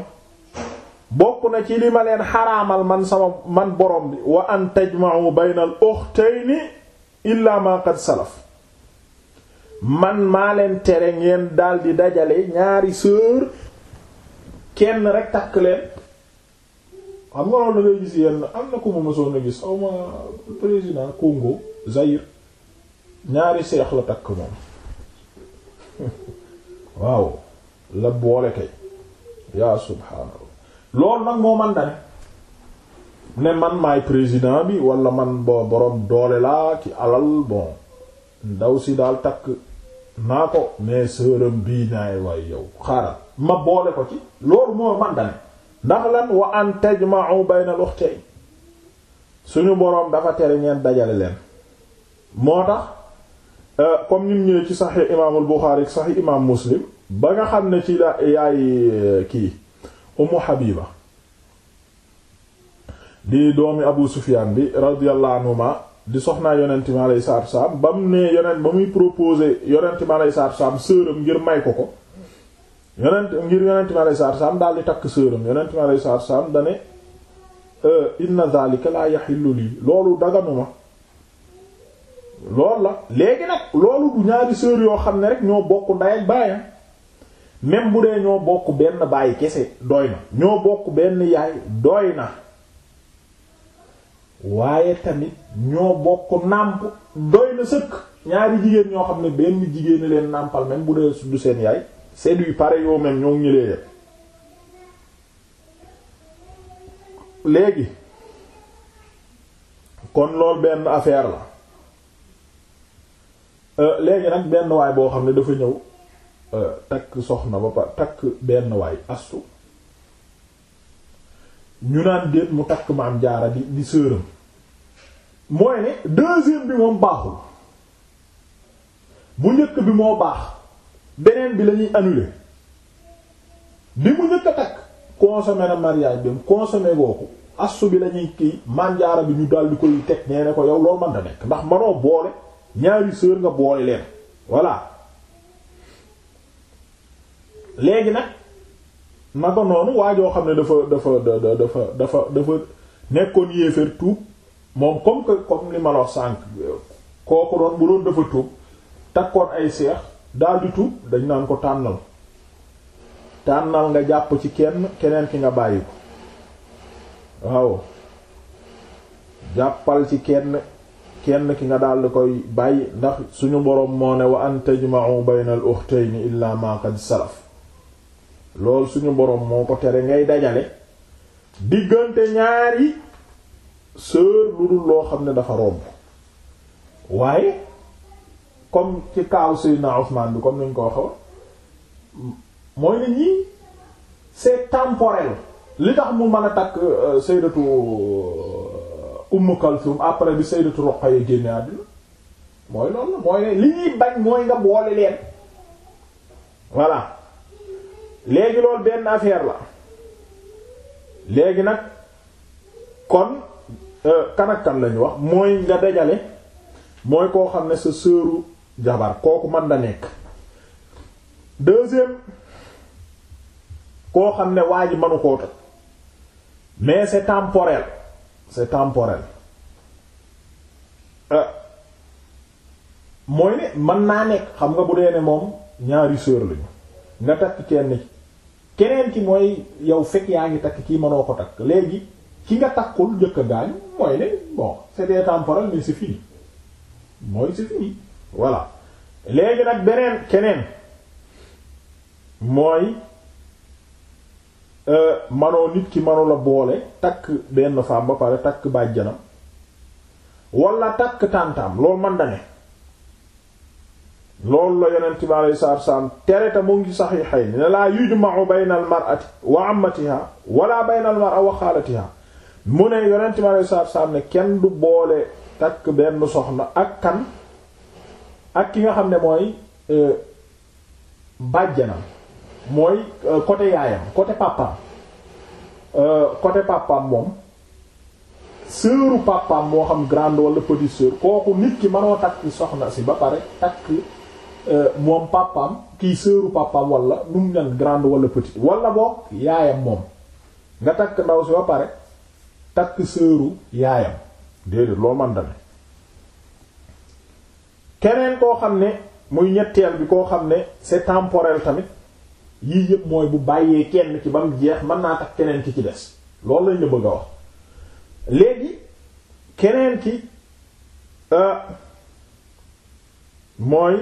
bokk na ci li ma leen xaramal man sama man borom bi wa an tajma'u bayna al ukhtayni illa ma man maa leen tere ngeen daldi dajale ñaari sœur rek takk leen xam nga loolu da am na ku ma mësoon a gis xaw ma président Congo Zaïre ñaari seex la takk moom waaw la boole kay yaa subhaanallah loolu nag moo man ne man maay président bi wala man bo borom doole laa ci alal bon ndaw si daal takk naa ko mais sërëm bii naay waay yow xaaral ma boole ko ci loolu moo man dane ndax lan wa an tajma'u bayna al-ukhtayn suñu boroom dafa tere ngeen dajale leen moo tax Euh, comme ni mu ñëwee ci saxix imaamul Buxaari saxix imaam Muslim ba nga xam ne ci la yaay euh, kii Ummu Habiba di doomi Abu Sufyaan bi radiyallahu anhuma di soxnaa yonent mi alayhi salaatu wassalaam ba mu ne yonent ba muy proposé yonent mi alayhi salaatu wassalaam sëram ngir may ko ko yonent ngir yonent mi alayhi salaatu wassalaam daal di takk sëram yonent mi alayhi salaatu wassalaam dane euh, inna zaalika laa yaxillu lii loolu daganuma loolu la léegi nag loolu du ñaari sœur yoo xam ne rek ñoo bokk nday ak baay même bu dee ñoo bokk benn baay kese doy na ñoo bokk benn yaay doy na waaye tamit ñoo bokk nàmp doy na sëkk ñaari jigéen ñoo xam ne benn jigéen leen nàmpal même bu dee du seen yaay c'est yu pare au même ñoo ngi leen léegi kon loolu benn affaire la Euh, léegi nag benn waay boo xam ne dafa ñëw euh, takk soxna ba pare takk benn waay astu ñu naan déet mu takk maam jaara bi di sëram mooy ne deuxième bi moom baaxul bu njëkk bi moo baax beneen bi lañuy annuler bi mu njëkk a takk consommer na mariage bi mu consommer gooku astu bi lañuy kii maam jaara bi ñu dal di koy teg nee ne ko yow loolu man da nekk ndax manoo boole ñaari sœur nga boole leen voilà léegi nag naka noonu waajoo xam ne dafa dafa dafa dafa dafa dafa nekkoon yéeféer tuub moom comme comme li ma kooku doon bu doon dafa tuub takkoon ay seex dal di tuub dañ naan ko tànnal tànnal nga jàpp ci kenn keneen ki nga bàyyi ko waaw jàppal ci kenn kenn ki nga daal di koy bàyyi ndax suñu boroom moo ne wa an tajma'u bayna al-ukhtayni illa ma qad salaf loolu suñu boroom moo ko tere ngay dajale diggante ñaari sœur lu dul loo xam ne dafa romb waaye comme ci kaaw Seydina Ousmane bi comme nañ ko waxoon mooy ne ñii c'est temporel li tax mu mën a takk euh, Sayyidatu euh, Umm Kalthum après bi Sayyidatu Ruqayya génne àdduna mooy loolu mooy li ñuy bañ mooy nga boole leen voilà léegi loolu benn affaire la léegi nag kon euh, kan ak kan lañu wax mooy nga dajale mooy koo xam ne sa sœuru jabar kooku mën na nekk deuxième koo xam ne waa ji mënu koo toj mais c'est c'est temporel euh, mooy ne mën naa nekk xam nga bu dee ne moom ñaari sœur lañu nga takk kenn keneen ki mooy yow fekk yaa ngi takk kii mënoo ko takk léegi ki nga takkul njëkk a gaañ mooy ne bon c'est des temporel mais c'est fini mooy c'est fini voilà léegi nag beneen keneen mooy. Euh, manoo nit ki manula boole takk benn femme ba pare takk bàjjanam wala takk tàntaam loolu man da ne loolu la yonent bi aleyhi salaatu salaam tere te mu ngi saxiixay ni ne laa yujma'u bayna al-mar'ati wa 'ammatiha wala bayna al-mar'a wa xaalatiha mu ne yonent bi aleyhi salaatu ne kenn du boole takk benn soxna ak kan ak ki nga xam ne mooy euh, bàjjanam mooy euh, côté yaayam côté pàppaam euh, côté pàppaam moom sœuru papam moo xam grande wala petite sœur kooku nit ki mënoo takk soxna si ba pare takk euh, moom papam kii sœuru pàppaam wala nu mu grande wala petite wala boog yaayam moom nga takk ndaw si ba pare takk sœuru yaayam déedéet loo man keneen koo xam ne muy ñetteel bi koo xam ne c'est temporel tamit yii yëpp mooy bu bàyyee kenn ci ba mu jeex mën naa tax keneen ki ci des loolu lañ la bëgg a wax léegi keneen ki euh, mooy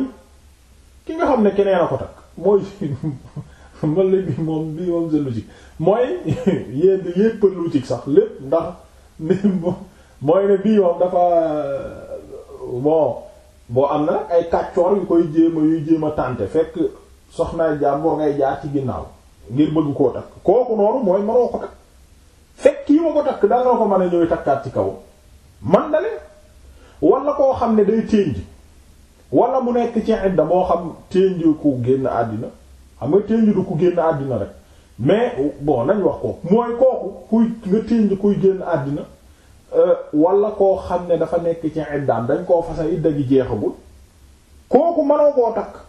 ki nga xam ne keneen a ko takk mooy man la bi moom bi moom sa logique mooy yéen yépp logique sax lépp ndax mooy ne bii moom dafa euh, bon boo am na ay kàccoor yu koy jéema yuy jéema tànte fekk soxnaay jàmbur ngay jaar ci ginnaaw ngir bëgg koo takk kooku noonu mooy mënoo ko takk fekk kii ma ko takk da nga ko mën a ñëw takkaat ci kaw man dale wala koo xam ne day ténj wala mu nekk ci moo xam ténj ku génn àddina xam nga ténj du génn àddina rek mais bon nañ wax ko mooy kooku kuy nga kuy génn àddina euh, wala koo xam ne dafa nekk ci iddaam dañ koo fasa idda gi jeexagul kooku mënoo koo takk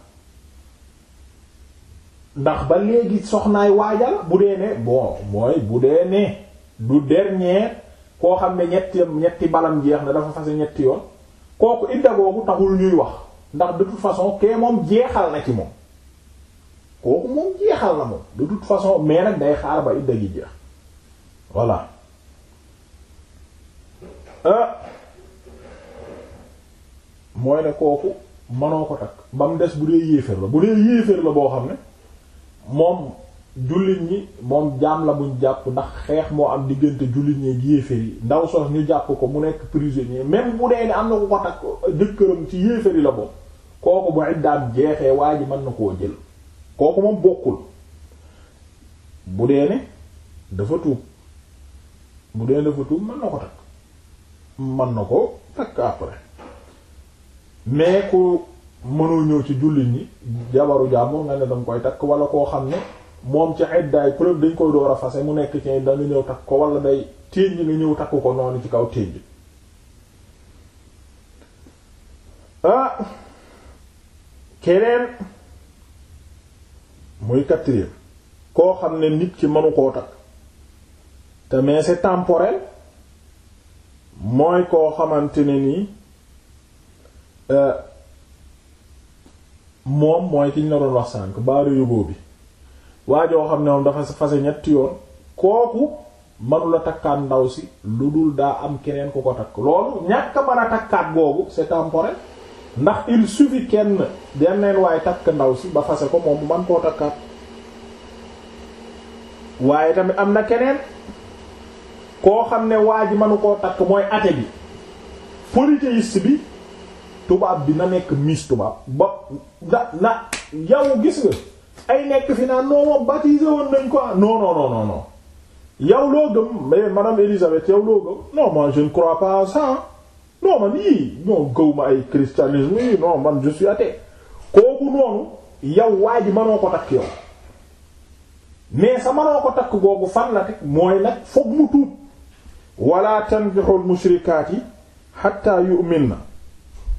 ndax ba léegi soxnaay waajal bu dee ne bon mooy bu dee ne du dernier koo xam ne ñetti ñetti balam jeex na dafa fase ñetti yoon kooku idda googu taxul ñuy wax ndax de toute façon kee moom jeexal na ci moom kooku moom jeexal na moom de toute façon mais nag day xaar ba idda gi jeex voilà ah mooy ne kooku mënoo ko takk ba mu des bu dee yéeféer la bu dee yéeféer la boo xam ne moom jullit ñi moom jaam la buñ jàpp ndax xeex moo am diggante jullit ñi ak yéeféer yi ndaw sos ñu jàpp ko mu nekk prisonnier même bu dee ne am na ku ko takk jëkkëram ci yéeféer yi la bokk kooku bu iddaam jeexee waa ji mën na koo jël kooku moom bokkul bu dee ne dafa tuub bu dee ne dafa tuub mën na ko takk mën na ko takk après mais ku mënoo ñëw ci jullit ñi jabaru jàmm nga ne danga koy takk wala koo xam ne moom ci iddaay preuve dañ koy door a fase mu nekk ci da nga ñëw takk ko wala day téej nga ñëw takk ko noonu ci kaw téej bi ah keneen koo xam ne nit ki mënu koo takk te mais c'est temporel mooy koo xamante ne nii euh, moom mooy ki ñu la doon wax sànk baara yóboo bi waa joo xam ne moom dafa fase ñetti yoon kooku manula takkaat ndaw si lu dul daa am keneen ku ko takk loolu ñàkk a mën a takkaat boobu c'est temporaire ndax il suffit kenn denneen waaye takk ndaw si ba fase ko moom bu man koo takkaat waaye tamit am na keneen koo xam ne waa ji manu koo takk mooy ate bi polythéiste bi tubaab bi na nekk miss tubaab ba na na yow gis nga ay nekk fi naan non moom woon nañ ko non ah, non non non non yow loo gëm mais madame Elisabeth loo gëm non man yii ma ay christianisme kooku noonu yow waa ji mënoo ko takk yow mais sa mënoo ko takk googu fan la teg mooy nag foog mu tuub wala tanjixul mushrikaat yi xatta yu'min na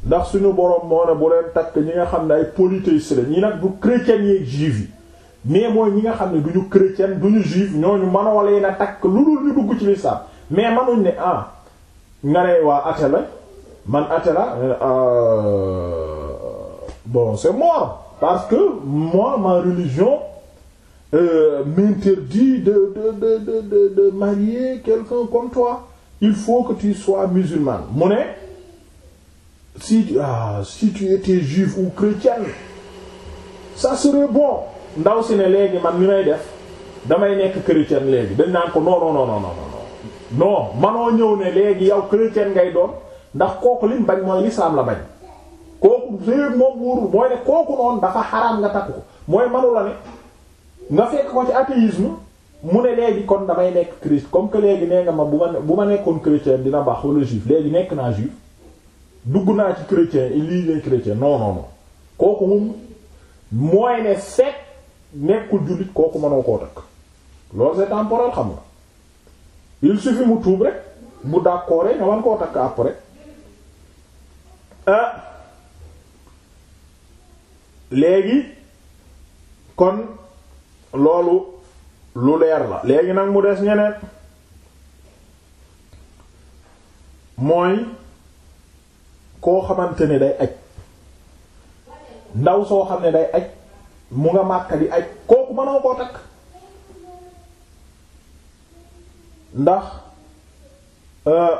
ndax suñu boroom moo ne bu leen takk ñi nga xam ne ay polythéistes la ñi nag du chrétiens yeeg juifs yi mais mooy ñi nga xam ne du ñu chrétien du ñu juif ñooñu mënoo leen a takk lu dul ñu dugg ci l'islam mais mënuñ ne ah nga ne waa athée la man athée la euh, euh, bon c'est mort parce que moi ma religion euh, m'interdit de de de de de de marier quelqu'un comme toi il faut que tu sois musulman mu ne. si tu ah si tu étais juif ou chrétien ça serait bon ndaw si ne léegi man ni may def damay nekk chrétien léegi dañ naa ko non non non non non non manoo ñëw ne léegi yow chrétien ngay doon ndax kooku liñ bañ mooy l'islam la bañ kooku léegi kooku noonu dafa xaraam nga ko mooy manu la ne nga fekk ko ci athéisme mu ne léegi kon damay nekk christ comme que léegi nee nga ma bu ma bu ma nekkoon chrétien dina baax wala juif léegi nekk naa juif. dugg naa ci chrétien lii lay chrétien non non kooku moom mooy ne fekk nekkul jullit kooku mënoo koo takk loolu c'est temporel xam nga il suffit mu tuub rek bu d'accord koo takk après ah. léegi kon loolu lu leer la léegi nag mu des ñeneen mooy koo xamante ni day aj ndaw soo xam ne day aj mu nga màkka di aj kooku mënoo koo takk ndax euh,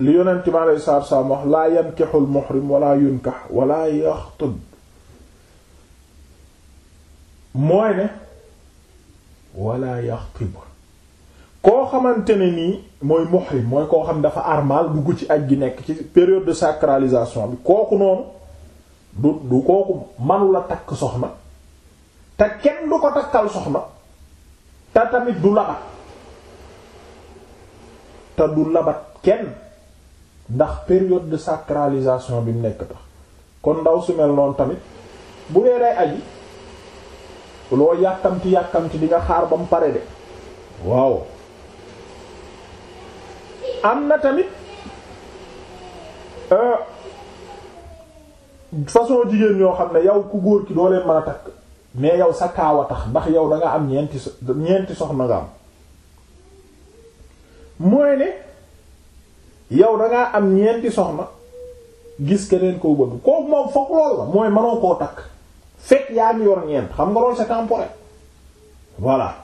li yonente mi alei salatu wax laa yankixul muhrim wala yunkax wala yaxtub mooy ne wala yaxtib koo xamante ne nii mooy muhrim mooy koo xam dafa armal dugg ci ak gi nekk ci période de sacralisation bi kooku noonu du du kooku manula takk soxna te kenn du ko takkal soxna te tamit du labat te du labat kenn ndax période de sacralisation bi mu nekk tax kon ndaw su mel noonu tamit bu dee day aji loo yàkkamti yàkkamti di nga xaar ba mu pare de waaw am na tamit euh, façon jigéen ñoo xam ne yow ku góor ki doo leen mën a takk mais yow sa kaaw a tax ndax yow da nga am ñeenti sox ñeenti soxna nga am mooy ne yow da am ñeenti soxna gis keneen koo bëgg kooku moom foog lool la mooy mënoo koo takk fekk yaa ngi yor ñeent xam nga lool c'est temporaire voilà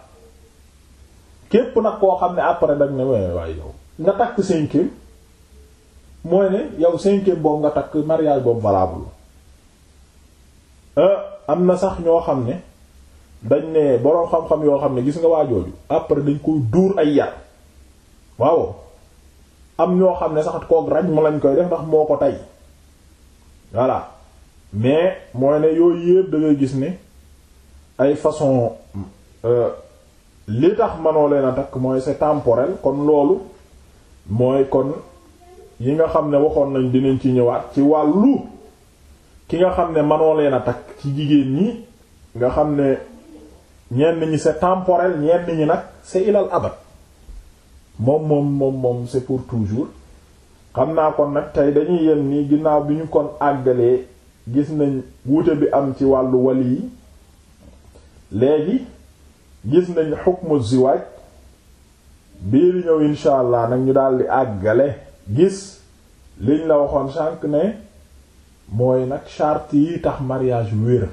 képp nag koo xam ne après dag ne waaye yow nga takk cinquième mooy ne yow cinquième boobu nga takk mariage boobu valable ah, am na sax ñoo xam ne dañ ne boroom xam-xam yoo xam ne gis nga waajooju après dañ koy duur ay yar waaw am ñoo xam ne sax koog raj ma lañ koy def ndax moo ko tay voilà mais mooy ne yooyu yépp dangay gis ne ay façon euh, li tax ma noo leen a takk mooy c'est temporel kon loolu mooy kon yi nga xam ne waxoon nañ dinañ ci ñëwaat ci wàllu ki nga xam ne manoo leen a takk ci jigéen ñi nga xam ne ñenn ñi c'est temporel ñenn ñi nag c'est ilal abad moom moom moom moom c'est pour toujours xam naa ko nag tey dañuy yem nii ginnaaw bi ñu kon àggalee gis nañ wuute bi am ci wàllu wali yi léegi gis nañ xukmu ziwaaj bii li ñëw insha allah nag ñu daldi àggale gis liñ la waxoon sànq ne mooy nag charte yi tax mariage wér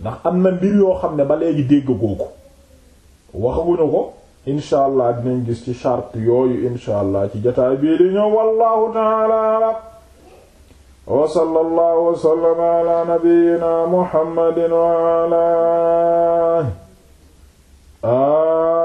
ndax am na mbir yoo xam ne ba léegi dégg googu waxaguñu ko incha allah dinañ gis ci charte yooyu incha ci jotaay bii di ñëw wallahu taala wa sallallahu wa sallama ala nabiyyina muhammadin wa ala